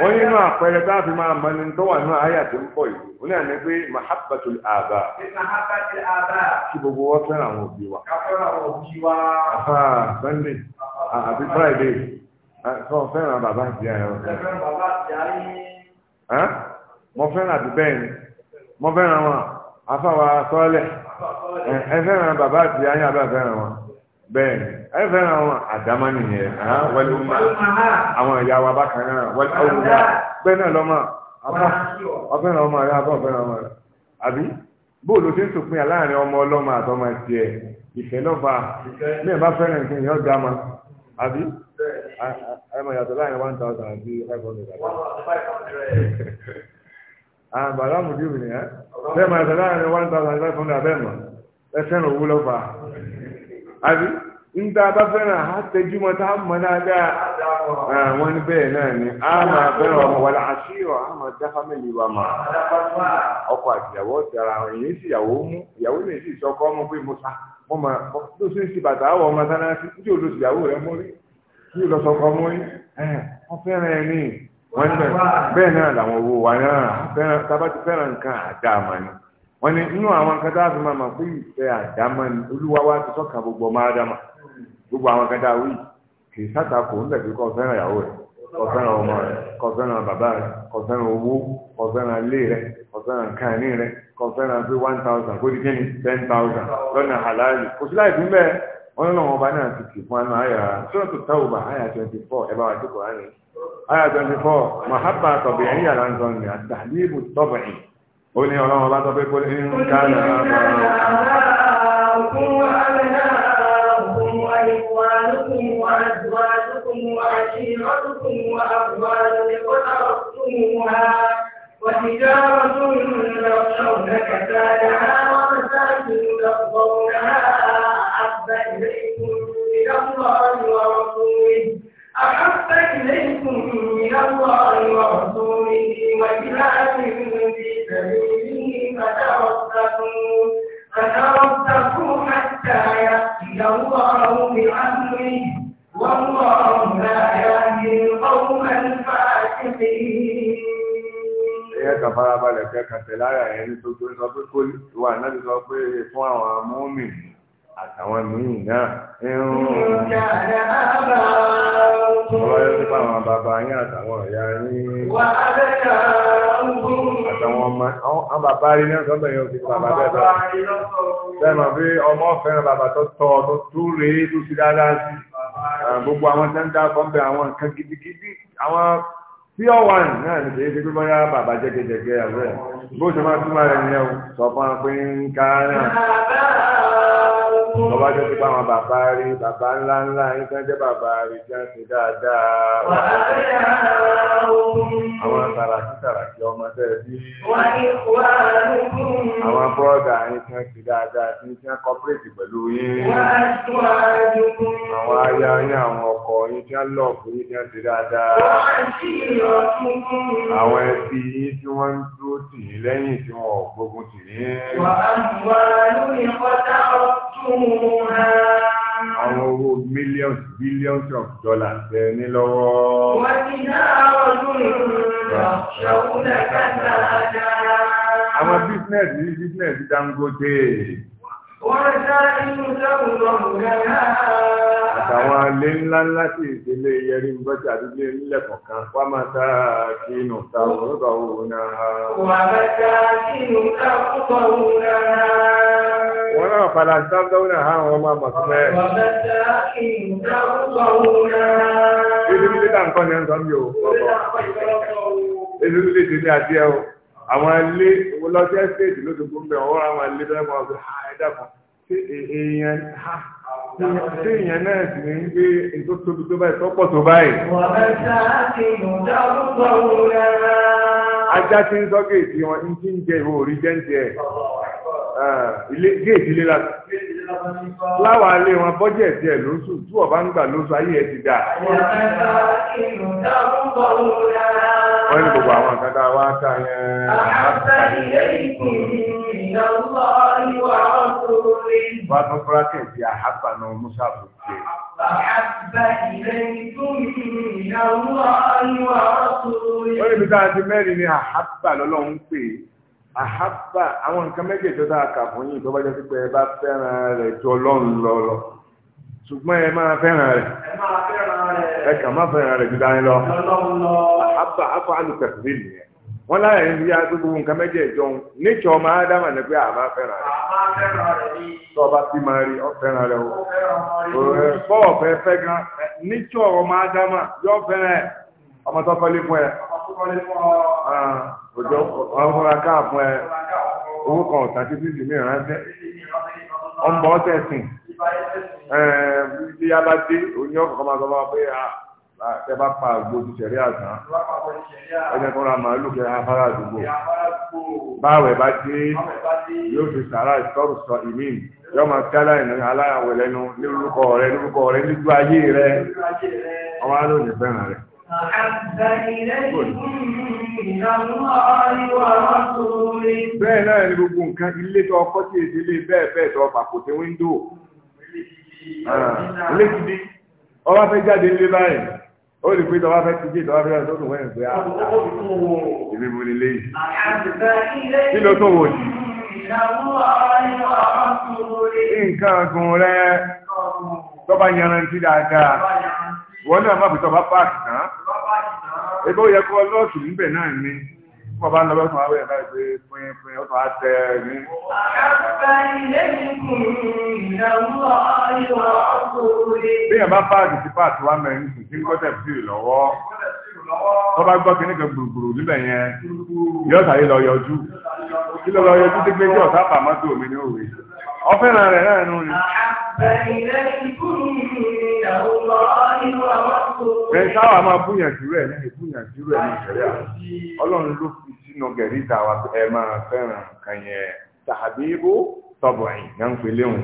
wọ́n nínú àpẹẹrẹ bá fi máa mọ ní tó wà ní àyà tó ń pọ̀ yìí ó náà ní pé mahabbatul aba kí gbogbo wọn fẹ́ràn àwọn òbí wa. sunday àti friday sọ fẹ́ràn bàbá àti àyà rẹ̀. mo fẹ́ràn àti bẹ́ẹ̀ ni mo fẹ́ràn wọn afáwa sọ́ọ́lẹ̀ ẹ fẹ́ràn bàbá àti àyà bá fẹ́ràn wọn bẹ́ẹ̀ ni ẹ fẹ́ràn àwọn àdámá nìyẹn wọlé ọmọ àwọn ìyá wa bákan náà wọlé ọmọ bẹ́ẹ̀ náà lọ́mọ ọfẹ́ràn ọmọ rẹ abọ́ ọfẹ́ràn ọmọ rẹ àbí bóòlù tí ń sòpin àláàrin ọmọ ọlọ́mọ àtọmọ ẹ̀sì ẹ̀ ìfẹ́ lọ́fà bẹ́ẹ̀ bá fẹ́ràn nǹkan ìyọ́ ga ma àbí ẹmọ yàtọ̀ láàrin one thousand àti five hundred àbí. àbàlá mùdí òbí nìyẹn bẹ́ẹ̀ máa yàtọ̀ láàrin one thousand àti five hundred abẹ́ẹ̀mọ̀ ẹ fẹ́ràn owó lọ́fà àbí. ndị bá fẹ́ràn á tẹjúmọ́ tá a mọ̀ dáadáa àwọn ah, ní bẹ́ẹ̀ náà ni a wa a máa dá wa wọn èyí sì ìyàwó mú ìyàwó lè sì sọkọ ọmọ pé mo sa mo máa tó sì ń ṣe bàtà àwọ̀ ọmọ sánáàsì tí yóò lọ sí ìyàwó rẹ mórí tí yóò lọ sọkọ mórí wọ́n fẹ́ràn ẹni gbogbo gbogbo àwọn kẹta wí kì í sàtàkù ń bẹ̀rẹ̀ kọ́ fẹ́ràn ìyàwó rẹ̀ kọ́ fẹ́ràn ọmọ rẹ̀ kọ́ fẹ́ràn bàbá rẹ̀ kọ́ fẹ́ràn owó kọ́ fẹ́ràn ilé rẹ̀ kọ́ fẹ́ràn kàní rẹ̀ kọ́ one thousand kó di kí ni ten thousand lọ́nà kò sí láì bẹ́ẹ̀ wọ́n ọba twenty four yàrá ń أنفسكم وأزواجكم وعشيرتكم وأموال اقترفتموها وتجارة تخشون كسادها ومساكن ترضونها أحب إليكم من الله ورسوله أحب إليكم من الله ànábì sọ pé fún àwọn múmi àtàwọn míì náà irun. Bàbá ti pa àwọn bàbá yín àtàwọn ọ̀yá yín. Wà á bẹ̀ ká ọ̀hún. Àtàwọn ọmọ àwọn bàbá rí náà sọ́dọ̀ yóò ti bàbá bẹ́ẹ̀ bá. Sẹ́nu bí ọmọ fẹ́ràn bàbá tó tọ́ tó tú rèé tó ti dáadáa sí. Gbogbo àwọn tẹ́ ń dá àwọn nǹkan gidigidi àwọn pure one náà ní kìí ṣe pé bóyá bàbá jẹ́gẹ́jẹ́gẹ́ àbúrò ẹ̀ bó ṣe máa túmọ̀ rẹ̀ nìyẹn o sọ fún wa pé ń ká náà bàbá jẹ́ pé báwọn bàbá rí bàbá ńlá ńlá yín kan jẹ́ bàbá rí kí wọ́n ṣe dáadáa àwọn sàràkí sàràkí ọmọ tẹ́lẹ̀ bí àwọn bọ́ọ̀dà yín kan ṣe dáadáa tí wọ́n kọ́pẹ́rẹ́tì pẹ̀lú yín àwọn aya yín àwọn ọkọ yín tí wọ́n lọ́ọ̀kù àwọn ẹbí yín tí wọ́n ń dúró tì yín lẹ́yìn tí wọ́n gbógun tì yín. àwọn owó millions billions of dollars tẹ ní lọ́wọ́. wọ́n ti dá àwọn ọdún ìrìnà ṣàkúnlẹ̀ káńtà àjà. àwọn business ní business Àtàwọn alé ńlá ìdílé yẹrí ń bọ́jà wá máa kí inú táwọn orúkọ òun náà. Wà máa táà Wọ́n náà padà sáfẹ́wọ́n náà hàn wọ́n máa mẹ́. inú Ìdílé ń kọ́ Ìdílé àwọn ilé lọ́jọ́ ẹ́sẹ̀tì ló ti gbọ́n bẹ̀ ọwọ́ àwọn ilé bẹ́ẹ̀ máa fi tí èèyàn náà sì ní gbé ètò tóbi tó báyìí tọ́pọ̀ tó báyìí. ajá tí ń sọ géètì wọn bọ́jẹ̀tì ẹ̀ ló tí ọba ń gbà lóṣù ayé ẹ̀ ti dà wọ́n ní gbogbo àwọn nǹkan tá a wá ká yẹn. àbáta ilé ìkùn ìyàwó ìwà ọkùnrin. wọ́n á tún fúrákìn sí àhápà náà musa bò ṣe. àbáta ilé ìkùn ìyàwó ìwà ọkùnrin. wọ́n níbi tá a ti mẹ́rin ní àhápà lọ́lọ́run pè é àhápà àwọn nǹkan mẹ́jẹ̀ẹ̀jọ tá a kà fún yín tó bá jẹ́ sí ẹ bá fẹ́ràn rẹ̀ ju ọlọ́run lọ lọ ṣùgbọ́n ẹ máa fẹ́ràn rẹ̀ ẹ kàn má fẹ́ràn rẹ̀ ju dání lọ. àbà àfàlù tẹ̀sílì nìyẹn wọ́n láyà ń yá gbogbo nǹkan mẹ́jẹ̀ẹ̀jọ ń níṣẹ́ ọmọ ádámà ní pé àmà fẹ́ràn rẹ̀ tọ́ba sí máa rí ọ̀fẹ́ràn rẹ̀ o bọ́ọ̀ fẹ́ fẹ́ gan ọmọ fẹ́ràn ọmọ tó kọ́lé fún ẹ òjò ọmọkùnrin ká fún ẹ owó kan ọ̀tà títí sí mi ránṣẹ́ ọmọ dé máa sọ fún wa pé Ah, ẹ bá pa àgbo ti sẹ̀rí àtàn ẹgbẹ́ kan ra màálù kẹ́ afárá àdúgbò báwẹ̀ bá dé yóò fi sàrà ìtọ́rù sọ ìmíì yóò máa kí aláìní aláìwẹ̀ lẹ́nu ní orúkọ rẹ ní orúkọ rẹ ní ojú ayé rẹ ọmọ alẹ́ òní fẹ́ràn rẹ. bẹ́ẹ̀ náà ni gbogbo nǹkan ilé tó ọkọ́ tí èdè lé bẹ́ẹ̀ bẹ́ẹ̀ tó pàkóté wíńdò ilé gidi ọba ah, fẹ́ jáde lé báyìí ó lè pé tọ́wá fẹ́ ti dé tọ́wá fẹ́ tó tó wẹ́n pé á ah, ìbí mo lè léyìí kí ló tó wò sí. nǹkan ọ̀gùn rẹ tọ́ba yanrantí dáadáa wọ́n náà má fi tọ́ba páàkì tán ebó yẹ kó lọ́ọ̀tù níbẹ̀ náà ni bàbá ń lọ bẹ́ẹ̀ tún wá bẹ́ẹ̀ báyìí pé pín pín ó tún bá páàkì sí páàkì wá mẹ́rin sì kí ń kọ́ tẹ̀sí lọ́wọ́ tó bá gbọ́ kíní kan gbùrùgbùrù níbẹ̀ yẹn yóò tàyé lọ yọjú kí ló lọ yọjú tí pé kí ọ̀tá mi ní òwe ọ̀fẹ́ràn rẹ̀ náà Bẹ́ẹ̀ sáwà máa búyàn jù rẹ̀ ní ìbúyàn jù rẹ̀ ní ìṣẹ̀lẹ̀ àwọn ọlọ́run ló fi nínú gẹ̀rí tàwa ẹ fẹ́ràn kan yẹn tàbí ibú tọ́bọ̀ ẹ̀yìn náà ń pè léhùn.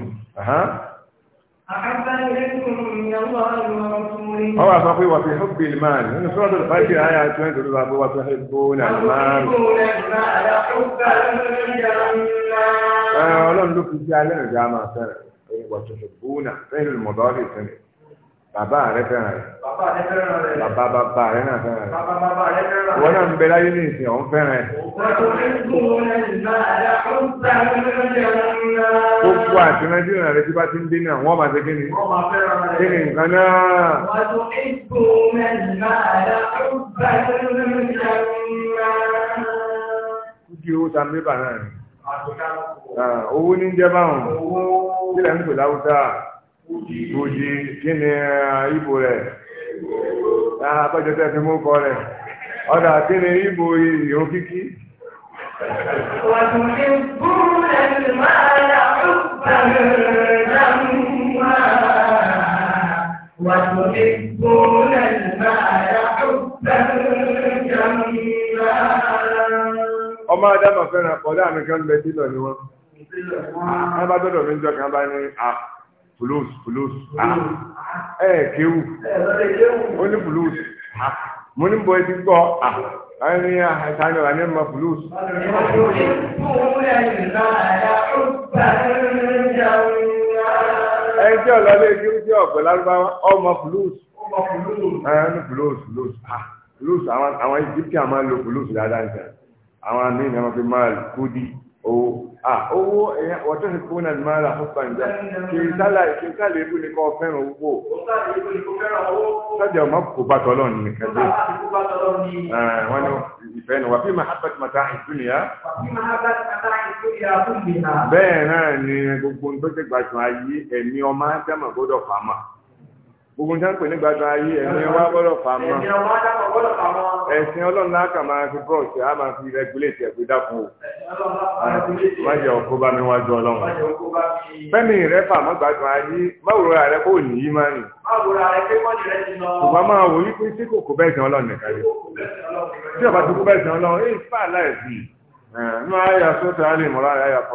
Ọwọ́ àfọ́ pé wà fi hubbi al-mal nínú suratul Fatiha àyà tí wọ́n tòrò àbúwà tó hẹ́ bóòlà máa. Ọlọ́run ló fi sí alẹ́ ìjà máa fẹ́ràn. Wà tó hẹ́ bóòlà fẹ́ràn mọ̀dọ́rì bàbá rẹ fẹ́ràn rẹ bàbá bàbá rẹ náà fẹ́ràn rẹ wọ́n náà ń bẹ láyé ní ìsìn ọ̀hún fẹ́ràn rẹ. gbogbo àti nàìjíríà rẹ tí bá ti ń dín náà wọ́n máa ṣe kí ni kí ni nǹkan náà. kúkì owó ta mébà náà ni ah, owó ní jẹ́ báwọn sílẹ̀ ń pè láwùjá. Òjì kí ni ibò eh, rẹ̀? Lára ah, abẹ́jọ tẹ́ fi mú kọ rẹ̀. Ọ̀dà kí ni ibò ìhò kíkí? Ọmọ Adámọ̀ fẹ́ràn pọ̀ láàrin kan bẹ sílọ̀ ni wọ́n. Ẹ bá gbọ́dọ̀ mi jọ ah, Blues, blues. Ah. ẹ eh, kéwù ó ní fúlóòsì mo ní ah. bọ́ ẹtí gbọ́ ẹni àìsàn ọ̀la ní ma fúlóòsì. ẹni tí ọ̀lọ́lé kéwù tí ọ̀gbẹ́ lárúbáwá ọmọ fúlóòsì blues, blues. fúlóòsì ah. fúlóòsì àwọn Egyptian máa ń lo blues dáadáa nìkan àwọn amíyàn máa fi máa kú dì owó owó ẹ̀yàn wọ́tọ́ sí kúnnà ní mara fúnpa ìjà kì í sálà kì í sálà ebú ni kò fẹ́ràn owó. sájà ọmọ kò bá tọ́lọ̀ ní nìkan wọ́n ní ìfẹ́ ni wà fí mahabbat mata ìdúnìyà. bẹ́ẹ̀ náà ni gbogbo nǹkan tó ti gbàgbọ́n ayé ẹ̀mí ọmọ ádámà gbọ́dọ̀ fàmà gbogbo nǹkan pè ní gbàgbà ayé ẹ̀sìn wa gbọ́dọ̀ fà mọ́ ẹ̀sìn ọlọ́run náà kà máa fi bọ́ọ̀sì á máa fi rẹguléètì ẹ̀gbẹ́ dákun o má jẹ́ ọkọ bá mi wájú ọlọ́run fẹ́mi rẹ fà mọ́ gbàgbà ayé báwo ra rẹ kó ní yí máa nì. ṣùgbọ́n máa wò yí pé sí kòkó bẹ́ẹ̀ sìn ọlọ́run nìkan rí tí ọba tó kó bẹ́ẹ̀ sìn ọlọ́run èyí eh, fà láìsí nínú àyà sọ́tà alẹ́ mọ́ra àyà 14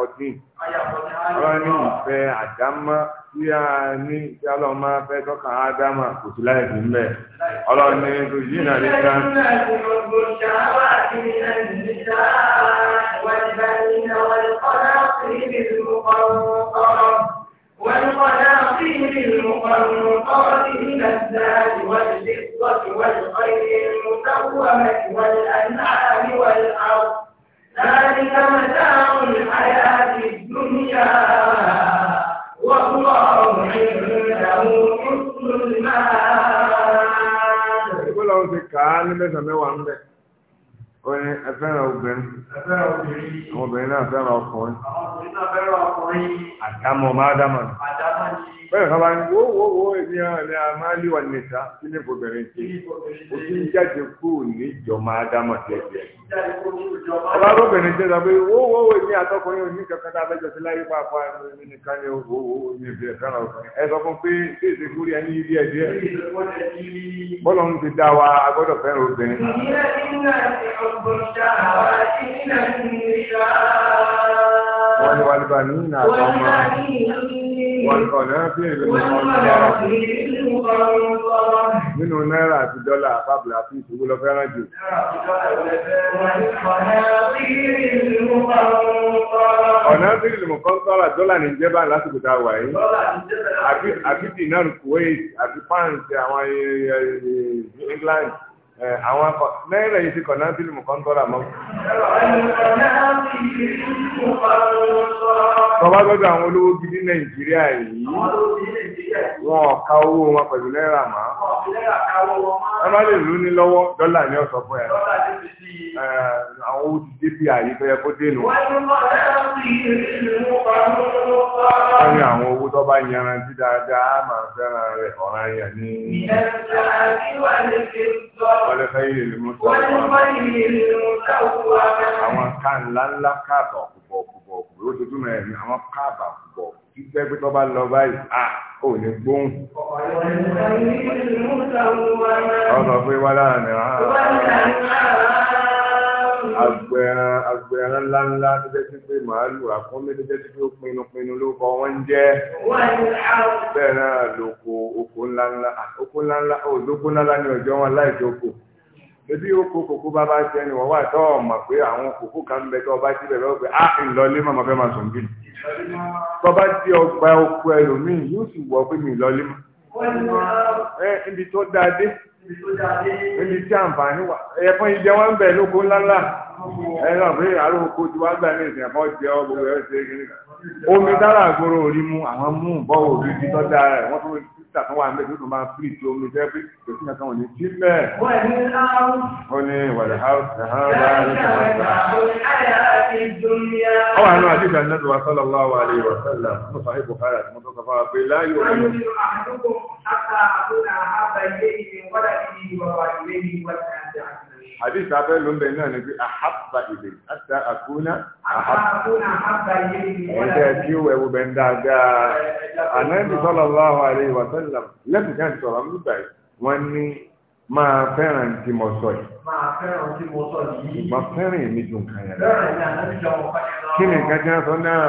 ọlọ́run ní ìfẹ́ àdámọ́ tí a ní tí a lọ máa fẹ́ tọ́ka ádámà kò sí láì fi mbẹ́ ọlọ́run ní tó yí náà ní ká. والقناطير المقنطرة من الذهب والفضة والخيل المسومة والأنعام والأرض ذلك متاع الحياة الدنيا Ìgbọ́lọ̀ ti kà á ní mẹ́ta mẹ́wàá ń bẹ̀. Ó ní ẹ fẹ́ràn obìnrin. Ẹ fẹ́ràn obìnrin. Àwọn obìnrin náà fẹ́ràn ọkùnrin. Àwọn obìnrin náà fẹ́ràn ọkùnrin. Àdámọ̀ máa dámọ̀ ni. Àdámọ̀ ni bẹ́ẹ̀ kan bá ní wo wo wo èmi hàn ní amáàlì wà nìta kí ní obìnrin ṣe kò sí jáde kú ní ìjọba ádámọ̀ tẹ̀tẹ̀. ọba arúgbìnrin ṣe sọ pé wo wo wo èmi àtọkùnrin òní kankan tá a fẹ́ jọ sí láyé pàápàá èmi nìkan ni wo wo wo èmi ìbílẹ̀ fẹ́ràn ọkùnrin. ẹ sọ fún pé ṣé èsì kúrì ẹni yí díẹ̀ díẹ̀. bọ́lá ń ti dá wa a gbọ́dọ̀ fẹ́ràn obìnrin. wọ́n ní wàlúbà ní ìnà àtọ́mọ́ wọ́n kọ̀ náà fi nínú náírà àti dọ́là àpapọ̀ àti ìṣòwò lọ fẹ́ràn jù. ọ̀nà tí ìlú kan sọ́ra dọ́là ní jẹ́bà lásìkò tá a wà yìí àti dínárù Kuwait àti pounds àwọn England. àwọn akọ náírà yìí ti kọ̀ náà bílùmù kan tọ́ra mọ́. tọ́ba gbọ́dọ̀ àwọn olówó gidi nàìjíríà yìí wọn ò owó wọn pẹ̀lú náírà mọ́. ẹ má lè lú ní lọ́wọ́ dọ́là ni ó sọ fún ẹ. Eh, àwọn owó ti dé bí àyè tó yẹ kó dé wọ́n àwọn owó tó bá yanra sí dáadáa máa fẹ́ràn rẹ̀ ọ̀ràn yẹn ní. wọ́n lè fẹ́ yìí lè mú sọ́wọ́. àwọn kan ńláńlá káàbà ọ̀pọ̀ ọ̀pọ̀ ọ̀pọ̀ ló ti túmọ̀ ẹ̀mí àwọn káàbà ọ̀pọ̀ títẹ́ pé tó bá lọ báyìí à ò ní gbóhùn. ọ̀sọ̀ pé wá láàrin àárọ̀ agbẹran agbẹran ńláńlá tó jẹ́ sí pé màálù àkúnmí tó jẹ́ sí pé ó pinnu pinnu ló kọ wọ́n ń jẹ́ bẹ́ẹ̀ náà lóko oko ńláńlá oko ńláńlá òdókó ńláńlá ní ọjọ́ wọn láì dóko ebi oko kòkó bá bá ṣe ni wọ́n wà tó ọmọ pé àwọn kòkó kan bẹ tó ọba síbẹ̀ lọ́wọ́ pé ah ńlọlé màmá fẹ́ máa sùn bíi tó bá di ọgbà oko ẹlòmíì yóò sì wọ pé mi ńlọlé mọ́ ẹ ibi tó dáa dé. níbi tí àǹfààní wà ẹ̀fọn ìjẹ wọn ń bẹ̀ lóko ńláńlá ẹ̀rọ àbúrò àrò oko tí wọ́n gbà ní ìsìn ọ ṣe omi dára àgbòrò òrí mu àwọn mú òbí títà kan wà níbẹ̀ tó máa fírì tó omi jẹ́ pé kò sí ní tí mẹ́. ní wàlẹ̀ house ẹ̀ hàn bá ní ọ̀hún. ọwọ́ àná àdìgbà náà tó wà sọ́lá wà wà lè wà sọ́lá mo sọ ìbò kára wa pé láyò rẹ̀. àdúgbò àkàkùn àbáyé àdìsí abẹ́ ló ń bẹ náà ni pé àhábà ìlè àtà àkúnà àhábà ẹ̀jẹ̀ tí ó wẹ̀wù bẹ̀ ń dáadáa ànábì sallallahu alaihi wa sallam lẹ́bùn kan sọ̀rọ̀ ń gbà wọ́n ní máa fẹ́ràn tí mo sọ yìí. máa fẹ́ràn tí mo sọ yìí. máa fẹ́ràn èmi dùn kan yẹn. fẹ́ràn ìyá náà ti jọ ọmọ fẹ́ràn náà. kí ni nǹkan tí wọ́n sọ náà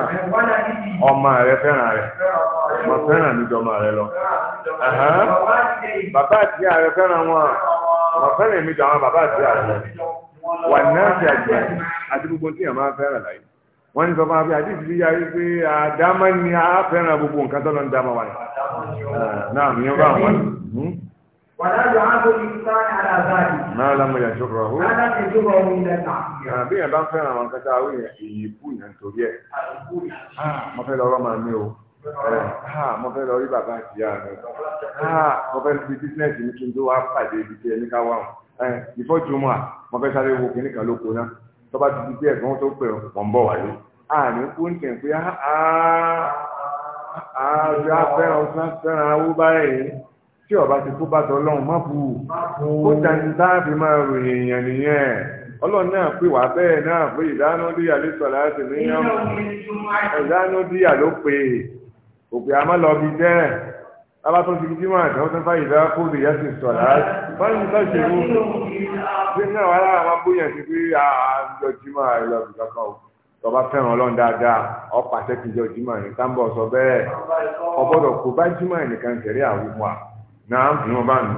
ọmọ rẹ fẹ́ràn rẹ máa fẹ́ràn mi jọ ọmọ rẹ lọ. bàbá àti ìyá rẹ fẹ́ràn wọn wọ́n fẹ́ràn mi jọ àwọn bàbá àti àti wà náà ti àjẹ́ àti gbogbo tí yàrá máa fẹ́ràn láyé wọ́n ní sọ fún abẹ́ àti ìdílé yàrá pé àdámá ni a fẹ́ràn gbogbo nǹkan tó lọ ń dámá wáyé náà mi yóò bá wọn. Hmm? Wàdájọ́ Ábòlì Sáyà Àdáàbáyì. Máa lámọ̀ yàtọ̀ rọ̀ hó. Láti ìjọba omi ilẹ̀ náà. Bí yẹn bá fẹ́ràn àwọn kẹta, àwọn èèyàn èyí kú yẹn torí ẹ̀. Ah, mo fẹ́ lọ rọ́ máa ní Eh, ah, mo fẹ́ lọ rí bàbá àti ìyá mi ha ah, mo fẹ́ fi bísínẹ́sì mi kí n tó wá pàdé ibi tí ẹni ká wà wọn eh, before jùmọ̀ à mo fẹ́ sáré wo kìnnìkan ló kó náà tọ́ba ti di bí ẹ̀gbọ́n tó pè ọ́ ń bọ̀ wáyé àní kú ń tẹ̀ pé ààrẹ afẹ́ràn ọ̀sán fẹ́ràn awó báyìí tí ọba ti kó bàtọ̀ ọlọ́run má bù ú ó tani táàbì máa ròyìn èèyàn nìyẹn ọlọ́run náà pè wá bẹ́ẹ̀ náà pé ìdánúdíyà ló sọ̀rọ̀ láti ní ìdánúdíyà ló pè é òpè àmọ́ lọ bí tẹ́ẹ̀ bàbá tó ti jímọ̀ àti wọ́n tó ń fa ìdá kóòdù yẹn ti sọ̀ láti báyìí ní sọ́ọ̀ṣì mú ṣé náà wàhálà àwọn bóyá ti pé àjọ jímọ̀ àìlọ́ bìkan kan o tọba fẹ́ràn ọlọ́run dáadáa ọ̀pá àtẹ́kìjọ jímọ̀ nìkan bọ̀ sọ bẹ́ẹ̀ ọgbọ́dọ̀ kò bá jímọ̀ nìkan kẹ̀rí àwọn ọmọ náà ń bùnú bá nù.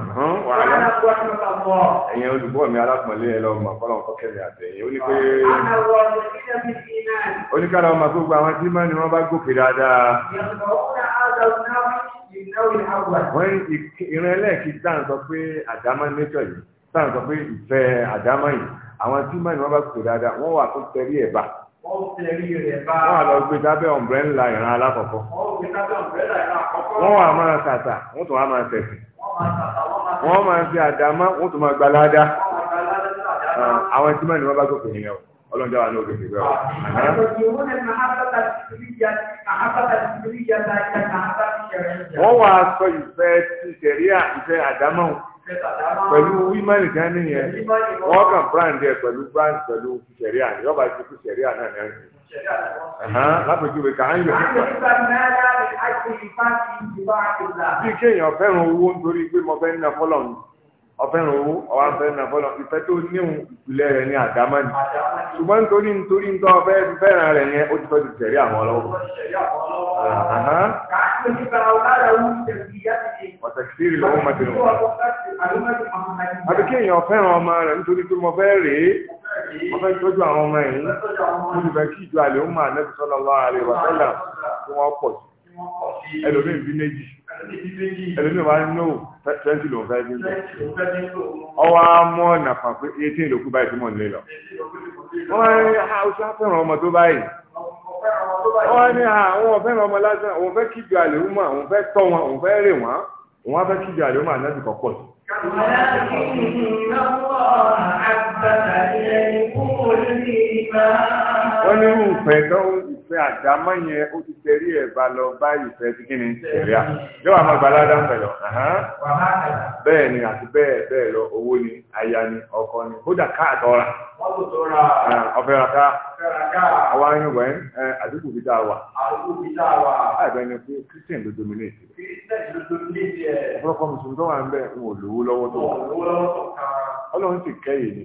ẹ̀yin olùkọ́ mi alápọ̀nlé ẹ lọ mọ̀ fọlọ́n kọ́kẹ́lẹ̀ àtẹ̀yìn ó ní pé oníkàlà ọmọ gbogbo àwọn tí mọ́ ni wọ́n bá gòkè dáadáa. wọ́n ìran ẹlẹ́ẹ̀kí dáhùn sọ pé àdámọ́ nẹ́tọ̀ yìí dáhùn sọ pé ìfẹ́ àdámọ́ yìí àwọn tí mọ́ ni wọ́n bá gòkè dáadáa wọ́n wà tó tẹ̀lé ẹ̀ bá. wọ́n wà lọ gbé dábẹ́ ọ̀mbrẹ́ńlá ìran alákọ̀ọ́kọ́. wọ́n wà máa sàtà, wọ́n tún wà máa tẹ̀sí. wọ́n máa fi àdámá wọ́n tún máa gbalada. Ah, àwọn ẹtí mẹ́rin wọ́n bá gòkè nìyẹn o ọlọ́njà wà ní o. wọ́n wà sọ ìfẹ́ ti sẹ̀ríà ìfẹ́ àdámá o. pẹ̀lú wímánì kan nìyẹn wọ́n kàn brand yẹ pẹ̀lú brand pẹ̀lú sẹ̀ríà ní yọba ti kú sẹ̀ríà náà ní ẹ̀sìn. lápèjúwe kà á ń yọ. bí kéèyàn fẹ́ràn owó nítorí pé mo fẹ́ ń na fọ́lọ́ọ̀nù ọ̀fẹ́ràn owó ọwọ́ afẹ́ràn àfọlọ́ ìfẹ́ tó níhun ìpìlẹ̀ rẹ̀ ní àdámánì ṣùgbọ́n nítorí nítorí nítorí ọ̀fẹ́ fẹ́ràn rẹ̀ yẹn ó ti tọ́jú tẹ̀rí àwọn ọlọ́wọ́. ọ̀sẹ̀ kiri lọ́wọ́ máa tẹ̀lé wọn. àbí kéèyàn ọ̀fẹ́ràn ọmọ rẹ̀ nítorí pé mo fẹ́ rèé mo fẹ́ tọ́jú àwọn ọmọ yìí mo sì fẹ́ kí ìjọ àlè ó máa nẹ́bí sọ́lá lọ́ ẹlòmí ìbí méjì ẹlòmí wa ní òun twenty lòun fẹ́ẹ́ dín lọ ọwọ́ nàfà pé eighteen lòkú báyìí tí mò ń lọ. wọ́n ní àwùjọ ah, fẹ́ràn ọmọ tó báyìí wọ́n ní àwọn ah, ọ̀fẹ́ràn ọmọ lásán òun fẹ́ kíjọ àlè wọn òun fẹ́ tọ́ wọn òun fẹ́ rè wọn òun wá kíjọ àlè wọn àná ti kọ́ pọ̀ sí. wọ́n ní irú pé àdámọ́ yẹn ó ti tẹ̀rí ẹ̀ bá lọ bá ìfẹ́ tí kí ni tẹ̀rí à yóò wà mọ́ gbalada pẹ̀lọ. bẹ́ẹ̀ ni àti bẹ́ẹ̀ bẹ́ẹ̀ lọ owó ni aya ni ọkọ ni kódà káàtọ́ ra ọ̀fẹ́ ra ká àwa yín wẹ̀ ẹ́ àdúgbò fi dáa wà. àìbẹ́ ni pé christian ló dominate. ọ̀pọ̀lọpọ̀ mùsùlùmí tó wà ń bẹ̀ ń wò lówó lọ́wọ́ tó wà. ọlọ́run ti kẹ́ yìí ni.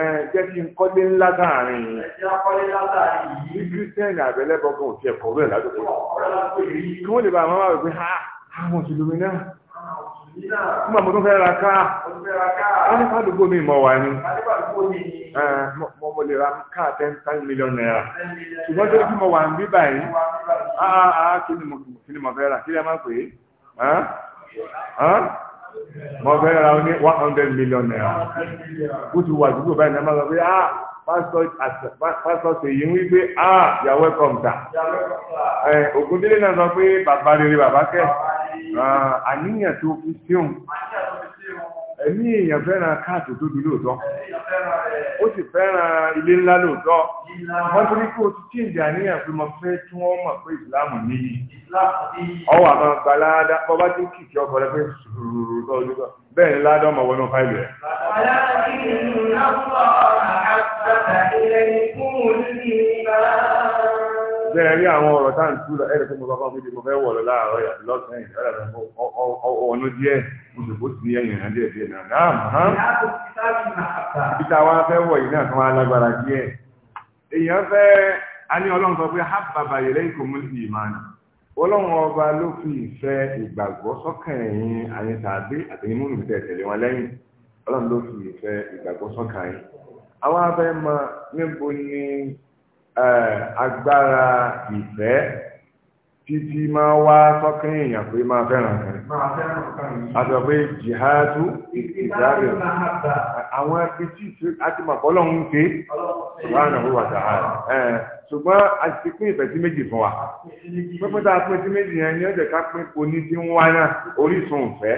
ẹ jẹ́ kí n kọ́lé ńlá láàrin yìí kírísítẹ́nì àbẹ̀lẹ́bọ̀gàn ò tiẹ̀ kọ̀wé ládùúgbò kí wọ́n lè bá àwọn máa wẹ̀ pé ha àwọn mùsùlùmí náà nígbà mo tún fẹ́ ra ká wọ́n ní fàdúgbò mi mọ̀ wá ní mo lè ra ká ten ten million naira ṣùgbọ́n tó kí mo wà ń bí báyìí ah, ah, ah, kí ni mo fẹ́ ra kí ni a máa pè é mo fẹ́ ra ní one hundred million naira ó ti wà àdúgbò báyìí náà máa sọ pé ah pásítọ̀ ṣèyí ń wípé ah yà wẹ́kọ̀m ta ògùndílé náà sọ pé bàbá rere bàbá kẹ́ ah, àníyàn tó fi ṣíun ẹ̀mí èèyàn fẹ́ràn káàtò tóbi lóòótọ́ ó sì fẹ́ràn ilé ńlá lóòótọ́ wọ́n torí pé o ti tí ìjà níyàn pé mo fẹ́ tí wọ́n mọ̀ pé ìsìláàmù níyì ọwọ́ àwọn gbalada bọ́bá tí kìkì ọkọ̀ rẹ pé sùúrù lọ́dún bẹ́ẹ̀ ni ládọ́ ọmọ wọnú fáìlì rẹ̀. ولكن الله حبب إليكم الإيمان bẹ́ẹ̀ rí àwọn ọ̀rọ̀ tá à ń tú lọ ẹ̀rọ tó mo kọ́kọ́ fídíò mo fẹ́ wọ̀ lọ láàárọ̀ yà lọ́sàn yìí lọ́dà tó ọ̀nà díẹ̀ mo sì kó sí ẹ̀yìn náà díẹ̀ díẹ̀ náà náà hàn. ibi tá a wá fẹ́ wọ̀ yìí náà tó wá lágbára díẹ̀. èèyàn fẹ́ a ní ọlọ́run sọ pé hábàbà yẹlẹ ikọ̀ mú sí ìmáàna ọlọ́run ọba ló fi ìfẹ́ ìgbàgbọ́ sọ́kàn ẹ̀yìn àyẹn tàbí àtẹ̀yìn múlù tẹ̀ tẹ̀lé wọn lẹ́yìn ọlọ́run ló fi ìfẹ́ ìgbàgbọ́ sọ́kàn ẹ̀yìn. àwọn afẹ́ mọ níbo ni agbára ìfẹ́ títí máa wá sọ́kàn èèyàn pé máa fẹ́ràn kan. àtọ̀ pé jihadu ìdáre àwọn ẹbí tí àti màbọ́lọ̀ ń ké wàhánà wọ́n wà sàárà ṣùgbọ́n a ti pín ìfẹ́ sí méjì fún wa pípẹ́ tá a pín sí méjì yẹn ni ó jẹ́ ká pín poni tí ń wá náà orísun ìfẹ́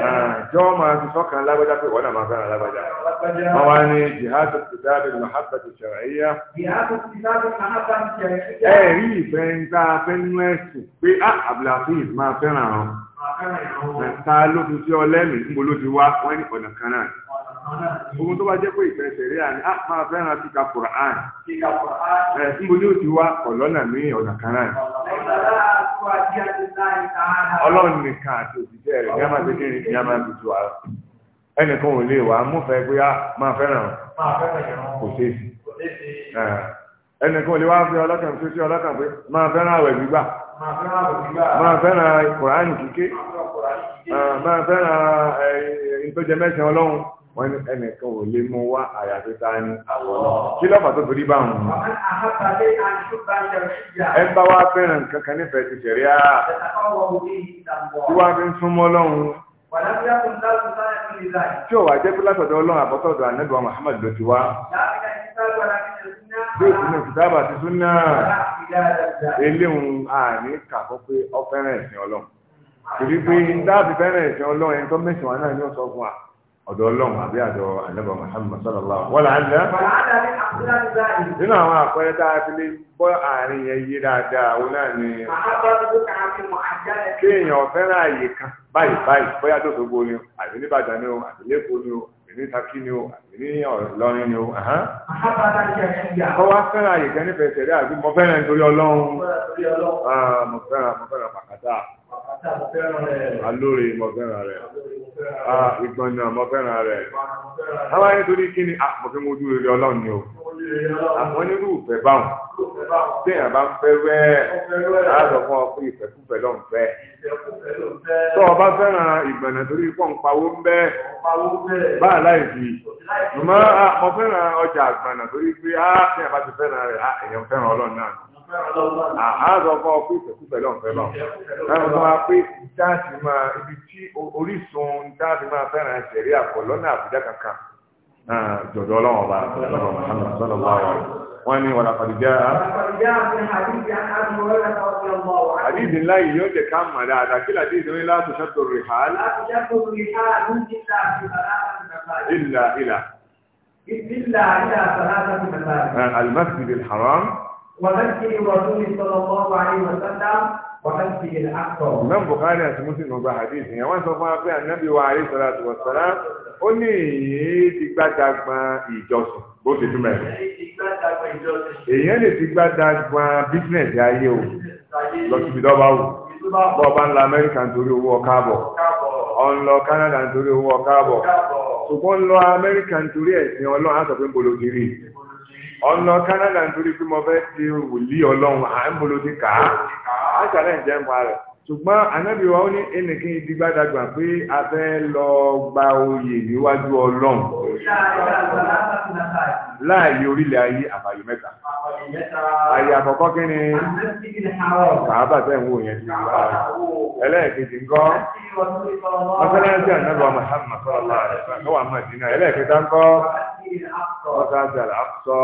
Ah, jọ́ máa ti sọ́kàn lágbájá pé wọ́n náà máa fẹ́ràn lágbájá. wọ́n wá ní jihadu kitabi mahabba ti ṣàrẹ́yà. jihadu kitabi mahabba ti ṣàrẹ́yà. ẹ rí ìfẹ́ ń tá a fẹ́ nú ẹ̀sìn pé á ah, abdulhafiz máa fẹ́ràn gbogbo tó bá jẹ́ pé ìfẹ́ sẹ̀rí àní á ah, máa fẹ́ràn kíka Qur'an ẹ̀ ń bojú ti wá ọ̀lọ́nà ní ọ̀nà kan náà. ọlọ́run nìkan àti òṣìṣẹ́ rẹ̀ ní a máa ṣe kí ni a máa fi tu ara ẹnìkan ò lè wá mú fẹ́ pé á ah, máa fẹ́ràn kò ṣeé sí ẹnìkan ò lè wá fi ọlọ́kàn tó sí ọlọ́kàn pé máa fẹ́ràn àwẹ̀ gbígbà máa fẹ́ràn Qur'an kíké máa fẹ́ràn ìtọ́jẹ mẹ́sàn-án ọlọ́run wọ́n ní ẹnìkan ò lè mú wá àyàfi ta ni kí lọ́pàá tó torí bá wọn. ẹ bá wá fẹ́ràn kankan nífẹ̀ẹ́ ti ṣẹ̀rí á. tí wàá fi ń súnmọ́ lọ́hùn. tí ò wá jẹ́ pé látọ̀dọ̀ ọlọ́run àbọ̀tọ̀dọ̀ ànágbà Muhammad ló ti wá. bí òsì náà kìtàbà ti tún náà eléhùn àní kàkọ́ pé ọ fẹ́ràn ẹ̀sìn ọlọ́run. kìí pé dáàbì fẹ́ràn ẹ̀sìn ọlọ́run ẹni tó mẹ́sàn-án náà ni ó sọ fún wa ọ̀dọ̀ ọlọ́run àbí àdọ̀ ànábà Muhammad sallallahu wọ́n àdá nínú àwọn àpẹẹrẹ tá a fi lè bọ́ àárín yẹn yé dáadáa òun náà ni kí èèyàn fẹ́ràn àyè kan báyìí báyìí bóyá tó tó gbó ni o àbí ní ní ọ̀lọ́rin ni ó hàn. Kọ́ wá fẹ́ràn àyè kan nífẹ̀ẹ́ tẹ̀lé àbí mo nítorí ọlọ́run. Mo fẹ́ràn ah, mo fẹ́ràn pàkátà. Alóore ah, mo fẹ́ràn rẹ̀. Ìgbọ̀nà mo fẹ́ràn rẹ̀. Tọ́ ah, ọ fẹ́ràn ìgbọ̀nà torí pọ̀ ń pawó ń bẹ́ẹ̀. Báà láì Mo mọ fẹ́ràn ọjà àgbàna torí pé á ní àbá ti fẹ́ràn rẹ̀ á èèyàn fẹ́ràn ọlọ́run náà. Àá sọ fún ọ pé ìfẹ̀kú pẹ̀lú ọ̀fẹ́ lọ. Láti sọ pé dáàtì máa ibi tí orísun dáàtì máa fẹ́ràn ṣẹ̀rí àpọ̀ lọ́nà àbújá kankan. Jọ̀dọ̀ ọlọ́run ọba lọ́nà Mùhàmmad sọ́nà wà wà. Wọ́n ní wàlá fàdíjà. Àdìsí ńlá yìí yóò jẹ ká mọ̀ dáadáa kí làdìsí ńlá tó ṣàtò rìhálì. Ìlà ìlà. إلا إلى ثلاثة مساجد المسجد الحرام ومسجد الرسول صلى الله عليه وسلم ومسجد الأقصى من بخاري àti Muslim ló gba hadith yẹn wọ́n sọ fún wa pé ànábì wa alayhi salatu wa salam ó ní èyí ti gbàdàgbọn ìjọsìn bó ṣe túmọ̀ ẹ̀. èyí lè ti gbàdàgbọn bísínẹ̀sì ayé o lọ síbi dọ́ba wò bọ́ọ̀ bá ń la Amẹ́ríkà nítorí owó ọ̀ká bọ̀ ọ̀ ń lọ Canada nítorí owó ọ̀ká bọ̀ ṣùgbọ́n lọ amẹ́ríkà nítorí ẹ̀sìn ọlọ́run á sọ pé ń bolo kiri ọ̀nà Canada nítorí pé mo fẹ́ ti wòlíì ọlọ́run à ń bolo ti kà á á ṣàlẹ̀ ń jẹ́ ń pa rẹ̀ ṣùgbọ́n ànábì wa ó ní ẹnìkan ìdígbàdàgbà pé a fẹ́ lọ gba oyè níwájú ọlọ́run láàyè orílẹ̀ ayé àbàyè mẹ́ta àyè àkọ́kọ́ kí ni kàábà tẹ̀ ń wò yẹn ti wá ẹlẹ́ẹ̀kejì ńkọ́ mọ́sálásí ànábì wa Muhammad sallallahu alaihi wasallam lọ́wọ́ àmàdínà ẹlẹ́ẹ̀kẹta ńkọ́ mọ́sálásí àlàáfíà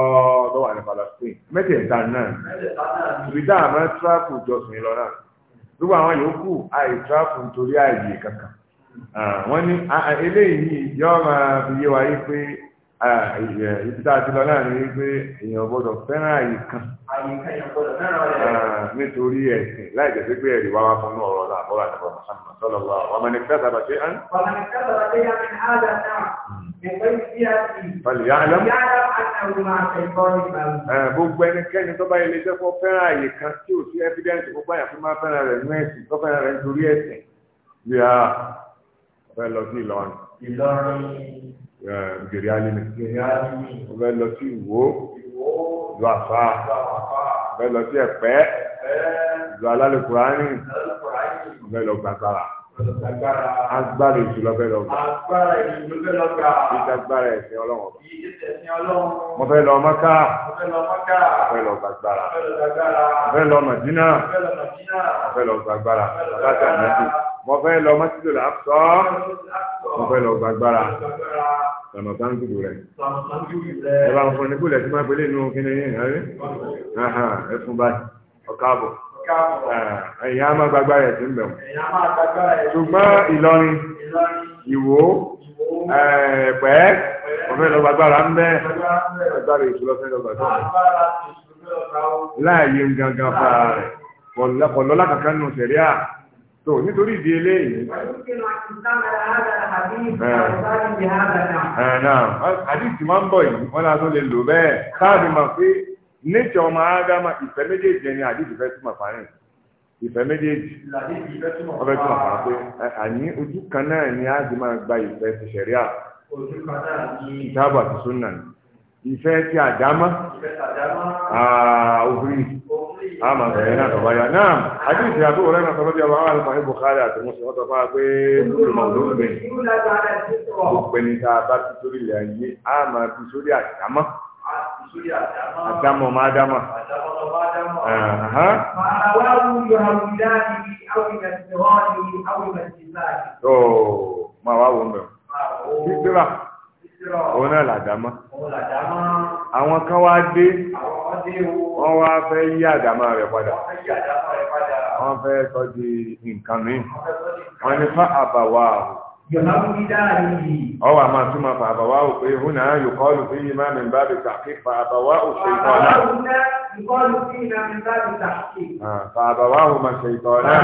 lọ́wọ́ àlẹ́ Palestine mẹ́tẹ̀ẹ̀ta náà ìbí dáhà máa ń tíráàpù jọsìn lọ gbogbo àwọn yòókù àìtráfù nítorí àìyè kankan ah, wọ́n ní ah, eléyìí yọ́ máa fi yé wa yí pé Ah, ibi tá a ti lọ náà ni wípé èèyàn gbọ́dọ̀ fẹ́ràn àyè kan ah, nítorí ẹ̀sìn láì jẹ́ pé ẹ̀rí wá wá fún ọ̀rọ̀ náà bọ́lá àti ọ̀rọ̀ Muhammad sọ́lọ́ wa wà máa ní kẹ́sà bá ṣe án. Gbogbo ẹnikẹ́ni tó bá ilé jẹ́ fọ́ fẹ́ràn àyè kan tí ò sí ẹ́fídẹ́ǹsì gbogbo àyàfi máa fẹ́ràn rẹ̀ ní ẹ̀sìn tó fẹ́ràn rẹ̀ nítorí ẹ̀sìn bí a fẹ́ lọ sí Ìlọrin. Ìlọrin gèrè alimi mo fẹ́ lọ sí ìwó ìlú àfà mo fẹ́ lọ sí ẹ̀pẹ́ ìlú alálùkùránì mo fẹ́ lọ gbàgbára agbára èṣù lọ́fẹ́ lọ́gbà ìdágbára ẹ̀sìn ọlọ́wọ́ mo lọ mọ́ká mo lọ gbàgbára mo lọ màdínà mo lọ gbàgbára látàmẹ́sì mo fẹ́ lọ mọ́sídòlá sọ́ mo fẹ́ lọ gbàgbára. Ramadan dùdù rẹ̀. Ẹ bá fún ní kúlẹ̀ tí máa pèlè inú kíni yìí rẹ̀ ẹ fún báyìí ọ̀káàbọ̀. Ẹ̀yìn á máa gbagbá rẹ̀ sí mbẹ̀wò. Ṣùgbọ́n Ìlọrin, Ìwó, Ẹ̀pẹ́, ọ̀fẹ́ lọ gbàgbára ń bẹ́ agbára ìṣúlọ fẹ́ lọ gbàgbára. Láàyè gangan fara rẹ̀, pọ̀lọ́lá kankan nù sẹ̀ríà tó nítorí ìdí eléyìí. àdìsí eh, máa ń bọ̀ yìí wọ́n náà tó lè lò bẹ́ẹ̀ káàdì máa pé nature ọmọ ádámà ìfẹ́ méjèèjì ẹni àdìsí fẹ́ túmọ̀ fáyìn ìfẹ́ méjèèjì ọbẹ̀ túmọ̀ fáyìn pé eh, àní ojú kan náà ni ádámà máa gba ìfẹ́ ti ṣẹ̀ríà ìtaàbù àti súnà ìfẹ́ ti àdámà òfin àmà bẹ̀rẹ̀ náà tọ́ba yá náà àdìsí àbúrò rẹ̀ náà tọ́lọ́dí ọba àwọn àlùfáà ní Bukhari àti Muslim wọ́n tọ́ba pé olùmọ̀ ló ń bẹ̀ òpè ní tá a bá ti sórí ilẹ̀ ayé àmà ti sórí àdámọ́ àdámọ́ má dámọ́. máa wá wù mí òun náà làdámọ́ àwọn kan wá dé wọ́n wá fẹ́ yí àdámọ́ rẹ̀ padà wọ́n fẹ́ sọ di nǹkan mi wọ́n ní fa àbàwà ọwọ́ àmà túnmọ̀ fa àbàwà ò pé hún náà yóò kọ́ lù fíyí má mi bá bẹ̀ tàkí fa àbàwà ò ṣe ìtọ́ náà fa àbàwà ò mà ṣe ìtọ́ náà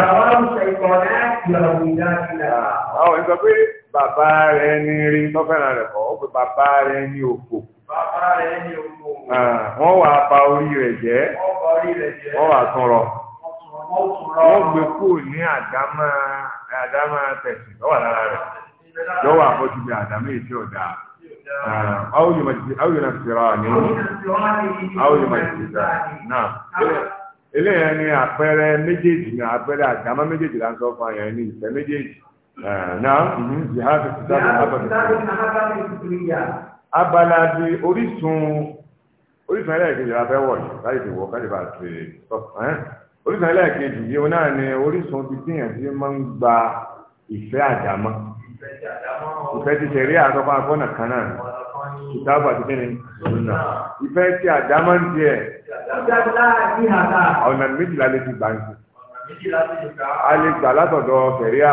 bàbá rẹ̀ ní rí tọ́fẹ́ràn rẹ̀ kọ́ ó pe bàbá rẹ̀ ní òfò. bàbá rẹ̀ ní òfò. Ah, wọ́n wà pa orí rẹ̀ jẹ́ wọ́n wà tún rọ. wọ́n gbé kúrò ní àdámà tẹ̀sí lọ́wọ́ lára rẹ̀ lọ́wọ́ àfọ́jú bí àdámà èsì ọ̀dà. أو أو ينفراني أو يمجداني نعم eléyàn ni àpẹẹrẹ méjèèjì ni àpẹẹrẹ àdámá méjèèjì là ń sọ fún àyàn ní ìfẹ́ méjèèjì Naam, jihadu kitabu mahabati kuturiya. Abala bi orísun orísun ẹlẹ́ẹ̀kejì la fẹ́ wọ̀ yìí láì fi wọ̀ káyọ̀ bá tè tọ́. Orísun ẹlẹ́ẹ̀kejì yìí wọn náà ni orísun ti tíyàn tí máa ń gba ìfẹ́ àdámọ́. Ìfẹ́ ti ṣẹ̀rí àtọ́kọ́ akọ́nà kan náà. Kìtàbù àti kíni? Ìfẹ́ ti àdámọ́ ń tiẹ̀. Ọ̀nà méjìlá lè fi gbà ń sìn. A lè gbà látọ̀dọ̀ fẹ̀ríà.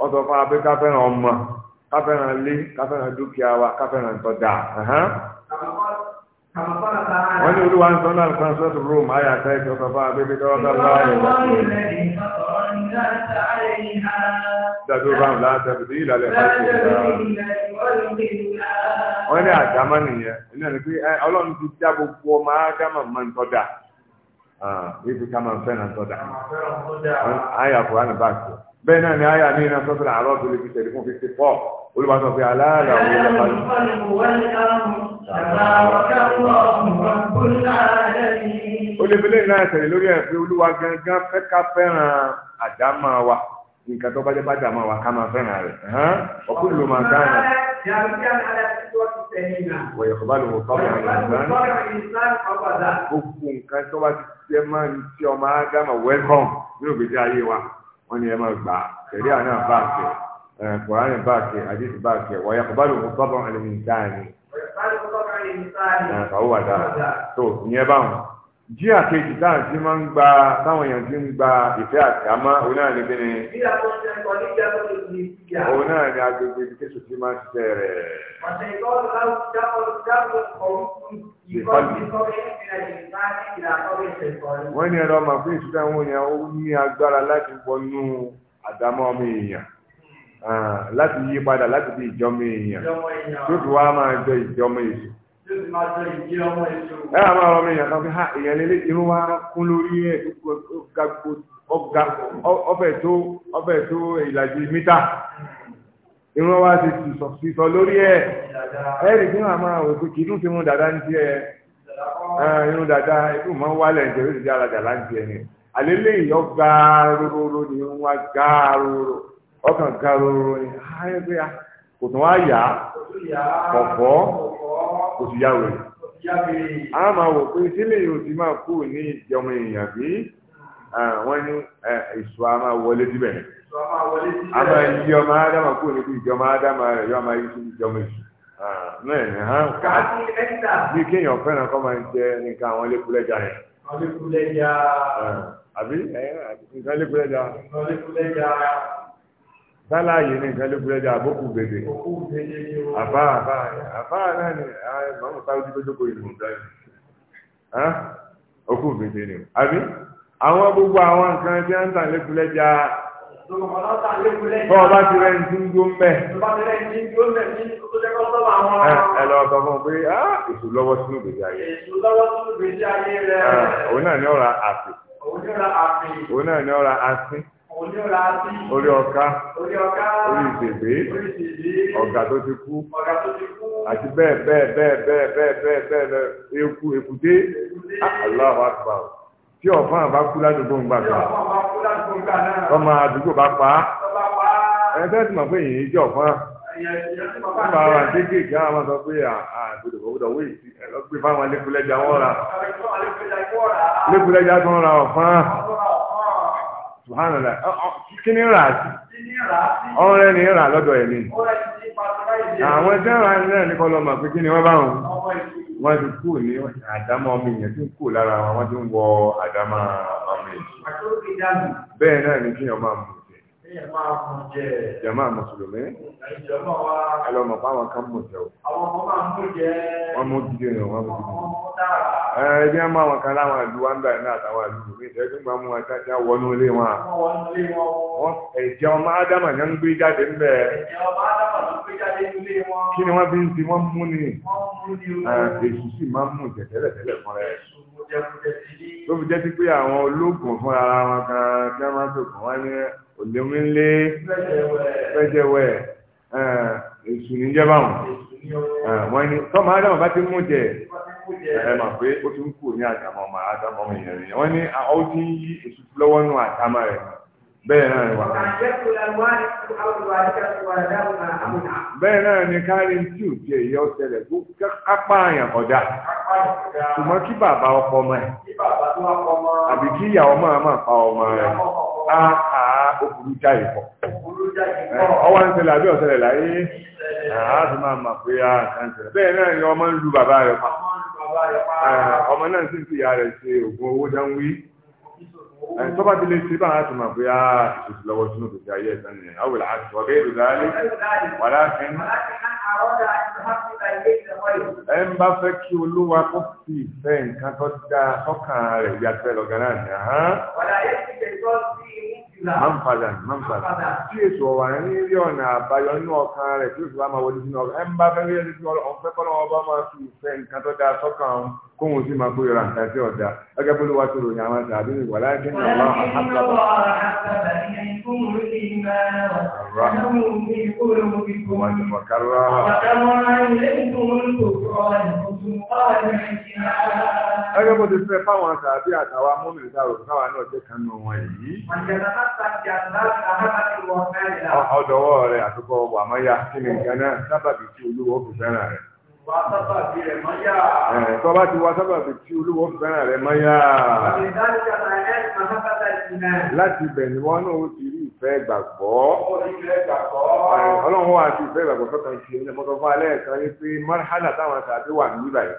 wọ́n sọ fún ọmọ káfẹ́ràn ilé káfẹ́ràn dúkìá wa káfẹ́ràn tọ́jà wọ́n ní olúwa ń sọ náà rome àyà tẹ́ ìjọ sọ tọ́wọ́ bá dájú bá ń wọ́n ní nìyẹn ní ẹni pé ọlọ́run ti já gbogbo ọmọ máa ń tọ́jà ibi ká máa ń fẹ́ náà tọ́jà àyà kò ní báàkì bẹ́ẹ̀ náà ni àyà ní iná sọ́sọ́rọ̀ àárọ̀ tó lè fi tẹ̀lé fún fifty four olùbàdàn sọ pé aláàlá òun lè bá lò. ó lè fi lẹ́yìn náà tẹ̀lé lórí ẹ̀ pé olúwa gangan fẹ́ ká fẹ́ràn àdámà wa nǹkan tó bá jẹ́ bájà máa wà ká máa fẹ́ràn rẹ̀ ọkùnrin ló máa dáná. wọ̀nyẹ̀ kọ́ bá lò wọ́n tọ́lọ̀ ìlànà gbogbo nǹkan tó bá ti jẹ́ máa ń tí ọmọ ádámà wẹ́lkọ̀m nínú ìgbésí ayé wa wọ́n ní ẹ máa gbà tẹ̀lé àná báàkì kùránì báàkì àdìsí báàkì wọ̀nyẹ kò bá lòun tọ́bọ̀ ẹlẹ́mìí sáà ni. ọ̀wọ́ àdá tó ìyẹn báwọn jí àkejì tá à ń ti máa ń gba táwọn èèyàn ti ń gba ìfẹ́ àtàmá òun náà ní bíní. òun náà ní agbègbè kéṣù tí máa ń ṣiṣẹ́ rẹ̀. wọ́n ní ẹ̀rọ ọmọ fún ìṣúná wọn ni ó ní agbára láti wọnú àdámọ́ ọmọ èèyàn hmm. ah, láti yí padà láti di ìjọmọ èèyàn tó fi wá máa jọ ìjọmọ èṣù. ẹ àwọn ọmọ mi yàtọ̀ fi ha ìyẹn lé irun wa kún lórí ẹ̀ gbogbo tó ọ̀fẹ́ tó ìlàjì mítà irun wa ti sísọ lórí ẹ̀ ẹ̀rì dùn sí irun irun ikú máa ń ti di alájà láǹtì ni àlélẹ́ ìyọ́ gaaroro ni irun wa gaaroro ọkàn gaaroro ni ayẹyẹ kò tún wá yá kò sì yá wèrè a máa wò pé sílẹ̀ yóò ti máa kú ní ìjọmọ èèyàn bí wọ́n ní èso a máa wọlé síbẹ̀ a máa yí ọmọ ádámà kú níbi ìjọmọ ádámà rẹ̀ yóò máa yí sí ìjọmọ èso náà ní hàn bí kéèyàn fẹ́ràn kọ́ máa ń jẹ nǹkan àwọn lẹ́kúlẹ́jà yẹn. àwọn lẹ́kúlẹ́jà. àbí nǹkan lẹ́kúlẹ́jà. nǹkan lẹ́kúlẹ́jà sálàyé ní nǹkan ló fi ẹja àbókù bèbè àbá àbá àbá náà ni àwọn sáré tó jókòó ìlú ń dáyé òkú bèbè ni àbí àwọn gbogbo àwọn nǹkan tí wọ́n ń tàn lẹ́kùn lẹ́jà bọ́ ọba ti rẹ̀ ń tún dó mbẹ́ ẹ lọ sọ fún un pé èṣù lọ́wọ́ sínú gbèsè ayé òun náà ní ọ̀rọ̀ àfẹ́ òun náà ní ọ̀rọ̀ àfẹ́ orí ọ̀ká orí ìṣègbè ọ̀gá tó ti kú àti bẹ́ẹ̀ bẹ́ẹ̀ bẹ́ẹ̀ bẹ́ẹ̀ bẹ́ẹ̀ bẹ́ẹ̀ bẹ́ẹ̀ bẹ́ẹ̀ eku èkúté aláwọ̀ àgbà tí ọ̀fọ́n àbá kú ládùúgbò ń gbà náà ọmọ àdúgbò bá pa á ẹ bẹ́ẹ̀ tí mo pé yìí jẹ́ ọ̀fọ́n nípa àwọn àdékèké àwọn máa sọ pé àgbèdè òwúdọ̀ owó ìsì ẹ̀ lọ́gbẹ́ fáwọn lẹ́kùlẹ́jà wọ́n ra lẹ́kùlẹ́jà tó ń ra ọ̀fọ́n subhanallah kí ni rà sí ọ̀rẹ́ ni rà lọ́dọ̀ ẹ̀ ni àwọn ẹjẹ́ rà ní ẹ̀ ní kọ́ lọ́mọ pé kí ni wọ́n bá wọn wọ́n ti kú ní àdámọ́ ọmọ èèyàn tí ń kú lára wọn wọ́n ti ń wọ àdámọ́ ọmọ èèyàn bẹ́ẹ̀ náà ni kí ọmọ àmọ́ jama mùsùlùmí ẹlọmọ fáwọn kan mú jẹ o wọn mú jíjẹ ni wọn mú jíjẹ ẹ̀ẹ́dẹ́ máa wọn kan láwọn ìlú wa ń bẹ̀rẹ̀ náà àtàwọn ìlú mi ìṣẹ́jú máa mú wọn kájá wọnú ilé wọn. ẹ̀jẹ̀ ọmọ ádámà ni wọ́n ń gbé jáde ń bẹ̀. kí ni wọ́n fi ń ti wọ́n mú ni èsù sì máa ń mú jẹ tẹ́lẹ̀tẹ́lẹ̀ fún rẹ̀. tó fi jẹ́ sí pé àwọn ológun fún ara wọn kan tí wọ́n máa ń sọ̀kùn wọn ní òlé ńlé pẹ́jẹ́wẹ́ èsù wọ́n ní tọ́mọ ádámù bá ti mú jẹ ẹ mà pé ó ti ń kú ní àtàmọ́ ọmọ àtàmọ́ ọmọ ìyẹn rẹ̀ wọ́n ní ó ti ń yí èsù lọ́wọ́ nù àtàmọ́ rẹ̀ bẹ́ẹ̀ náà ni wà. bẹ́ẹ̀ náà ni kárí tí ò jẹ ìyá ọ̀sẹ̀lẹ̀ tó kápá àyàn kọjá ṣùgbọ́n kí bàbá ọkọ ọmọ ẹ̀ àbí kí ìyàwó máa máa pa ọmọ rẹ̀ á á ó burú jáì pọ̀ ọwọ́ ń ṣẹlẹ̀ àbí ọ̀ṣẹlẹ̀ láyé àti máa mà pé a ah, ń ṣẹlẹ̀ bẹ́ẹ̀ náà ni ọmọ ń lu bàbá rẹ̀ pa ọmọ náà sì ń fi ìyá rẹ̀ ṣe oògùn owó dánwí tó bá ti lè ṣe báyà tó máa pé a ìṣòṣì lọ́wọ́ sínú òkèkè ayé ẹ̀sán nìyẹn àwọn ìlà àti ọ̀gá èrò dáálé wà láàfin ẹ ń bá fẹ́ kí olúwa kó sì fẹ́ nǹkan tó dáa sọ́kàn rẹ̀ yàtọ̀ ẹ̀ manfadan manfadan tí èso ọ̀wà yẹn ní rí ọ̀nà àbáyọ inú ọkàn rẹ̀ tí òṣùwà máa wọlé sínú ọkàn ẹ̀ ń bá fẹ́ rí ẹni tí ọ̀fẹ́ kọ́nà ọba máa fi ìfẹ́ nǹkan tó dáa sọ́kàn ọ̀hún kóhun sí máa kórìíra nǹkan tí ọ̀dà gẹ́gẹ́ bó ló wá sọ̀rọ̀ ní àwọn àbí ìwà láti ní ọ̀la àhábàbà ẹgbẹ́ bó ti fẹ́ fáwọn àtàbí àtàwọn amúnú ìdárò káwa náà jẹ́ kan nù wọn yìí. ọ̀dọ̀wọ́ rẹ̀ àtúkọ̀ wà mọ́yà kí ni nǹkan náà sábàbí tí olúwo fi fẹ́ràn rẹ̀. wà sábàbí rẹ̀ mọ́yà. ẹ̀ tó bá ti wá sábàbí tí olúwo fi fẹ́ràn rẹ̀ mọ́yà. láti ibẹ̀ ni wọ́n náà ó ti rí ìfẹ́ gbàgbọ́. ọlọ́run wà á ti ìfẹ́ gbàgbọ́ sọ́kàn ti ẹni mọ́tò fún alẹ́ ẹ̀kan ní pé marhala táwọn àtàbí wà ní báyìí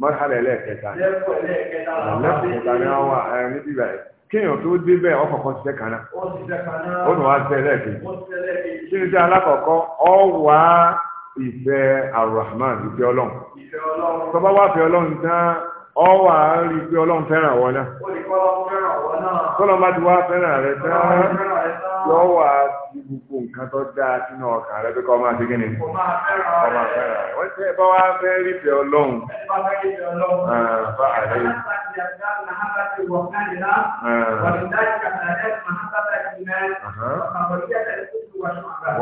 mọ́tàlá ẹlẹ́ẹ̀kẹta ẹlẹ́ẹ̀kẹta ni wọ́n wà ẹ níbí báyìí kéèyàn tó dé bẹ́ẹ̀ ọkọ̀ọ̀kan ṣiṣẹ́ kan náà ó nù wá ṣe ẹlẹ́ẹ̀kejì kí ni tí alákọ̀ọ́kọ́ ọ wá ìfẹ́ Ar-Rahman ìfẹ́ ọlọ́run tọ́ba wá fẹ́ ọlọ́run tán ọ wà á rí i pé ọlọ́run fẹ́ràn wọn náà. tọ́lọ́ bá ti wá fẹ́ràn rẹ tán yọ wà á ti gbogbo nǹkan tó dáa sínú ọkàn rẹ pé kọ́ máa fi kíni. kọ́ máa fẹ́ràn rẹ. wọ́n ti bá wá fẹ́ rí ìfẹ́ ọlọ́run. bá a lè.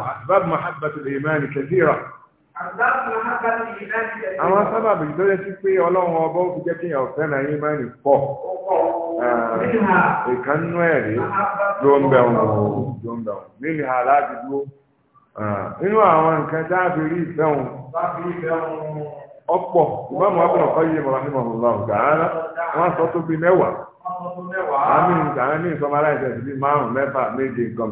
وأسباب محبة الإيمان كثيرة àwọn sábàbí tó yẹ sí pé ọlọ́run ọba ó fi jẹ́ kíyàn ọ̀fẹ́ náà yín máa ń pọ̀ ìkànnú ẹ̀rí ló ń bẹ̀ wọ̀n ló ń bẹ̀ wọ̀n nínú àlá ti dúró nínú àwọn nǹkan tá a fi rí ìfẹ́ wọn ọ̀pọ̀ ìbámu ọ̀pọ̀ ọ̀kọ́ yìí mọ̀ràn ní mọ̀ràn lọ́wọ́ gàánà wọ́n sọ tó bíi mẹ́wàá àmì nǹkan ní bíi márùn-ún mẹ́fà méje nǹkan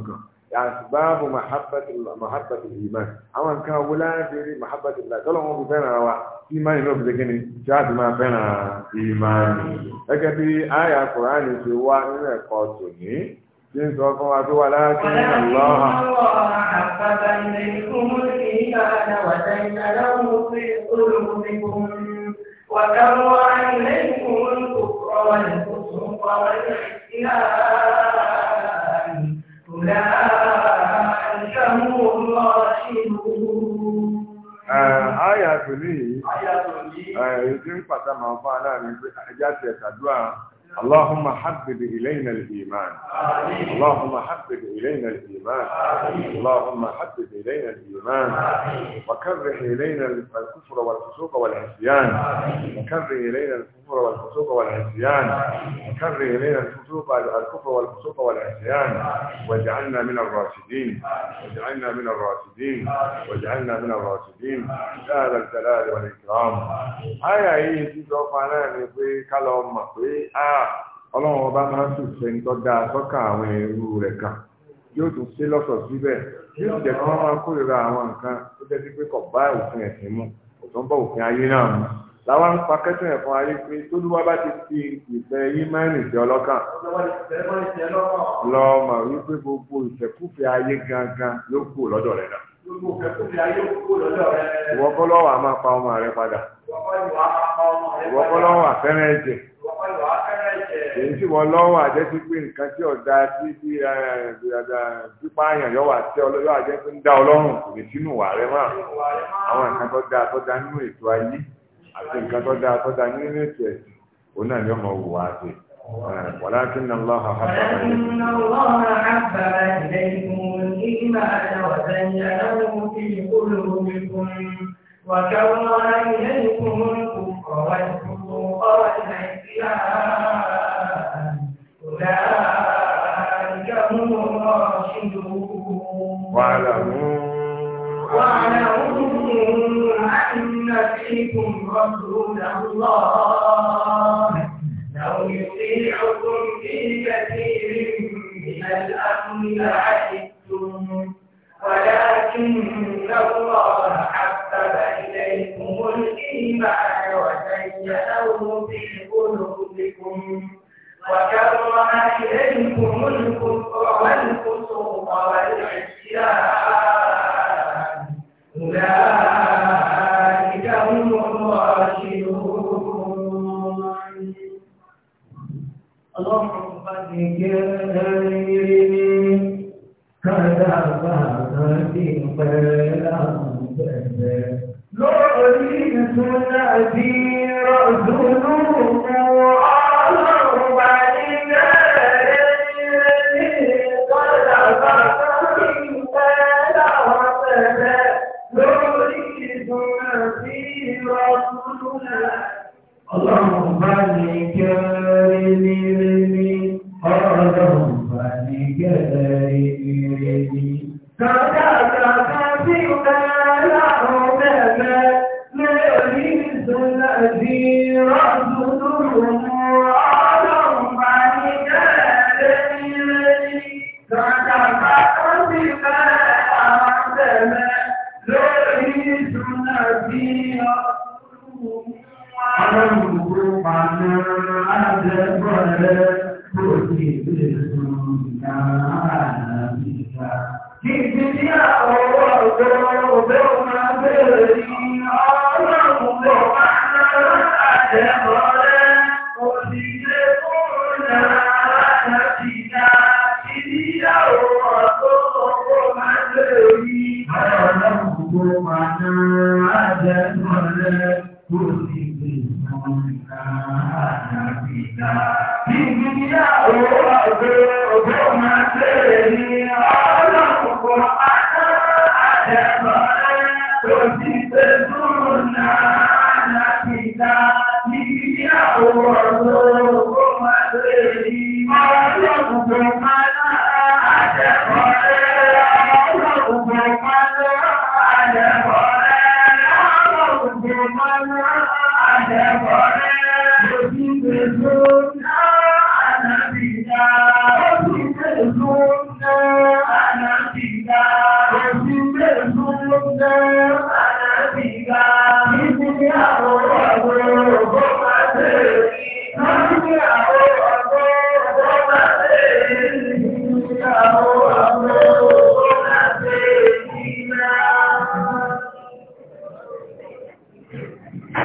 أسباب محبة محبة الإيمان أو أن كان ولا في محبة الله تلو مو بينا وا إيمان لو بذكني شاد ما بينا إيمان لكن في آية القرآن في وان قاتني جن سوكم ولكن الله حبب لكم الإيمان وزين له في قلوبكم وكره إليكم الكفر والفسوق والعصيان أولئك àyà tòní yìí èyí tí ń pàtàkì máa fún aláàrin pé ẹja ti اللهم حبب إلينا الإيمان اللهم حبب إلينا الإيمان اللهم حبب إلينا الإيمان وكره إلينا الكفر والفسوق والعصيان وكره إلينا الكفر والفسوق والعصيان وكره إلينا الفسوق الكفر والفسوق والعصيان واجعلنا من الراشدين واجعلنا من الراشدين واجعلنا من الراشدين يا ذا الجلال والإكرام آية هي دي سوف أنا نقول كلام مقوي آه ọlọ́run ọba máa ń tún ṣe ń tọ́ da sọ́kà àwọn ẹrú rẹ̀ kà yóò tún ṣe lọ́sọ̀ síbẹ̀ yóò jẹ́ kí wọ́n máa kórìíra àwọn nǹkan tó jẹ́ sí pé kò bá òfin ẹ̀sìn mu òtún bá òfin ayé náà mu làwọn ń pa kẹ́sìn ẹ̀fọn ayé pé tóluwá bá ti fi ìfẹ́ yín mẹ́rin sí ọlọ́kàn lọ mà wípé gbogbo ìfẹ́kùfẹ́ ayé gangan yóò kú lọ́dọ̀ rẹ̀ náà. ìwọ kọ́ lọ́wọ́ a máa pa ọmọ rẹ padà ìwọ kọ́ lọ́wọ́ àfẹ́rẹ́ ẹ̀jẹ̀ èyí tí wọ́n lọ́wọ́ àjẹ́ ti pé nǹkan tí ọ̀dà tí bí pípa àyàn yọ wà ọlọ́yọ́ àjẹ́ tó kò sínú wà rẹ àwọn nǹkan tó dáa nínú ètò ayé àti nǹkan tó dáa nínú ètò ẹ̀sìn òun náà ni ọmọ wá sí أولئك هم الراشدون واعلموا الله لو يطيعكم في من الأمر ولكن الله حبب إليكم الإيمان وزينه في قلوبكم وكرم إليكم الكفر والفسوق والعصيان أولئك هم الراشدون اللهم قد جاءني كذا بعد في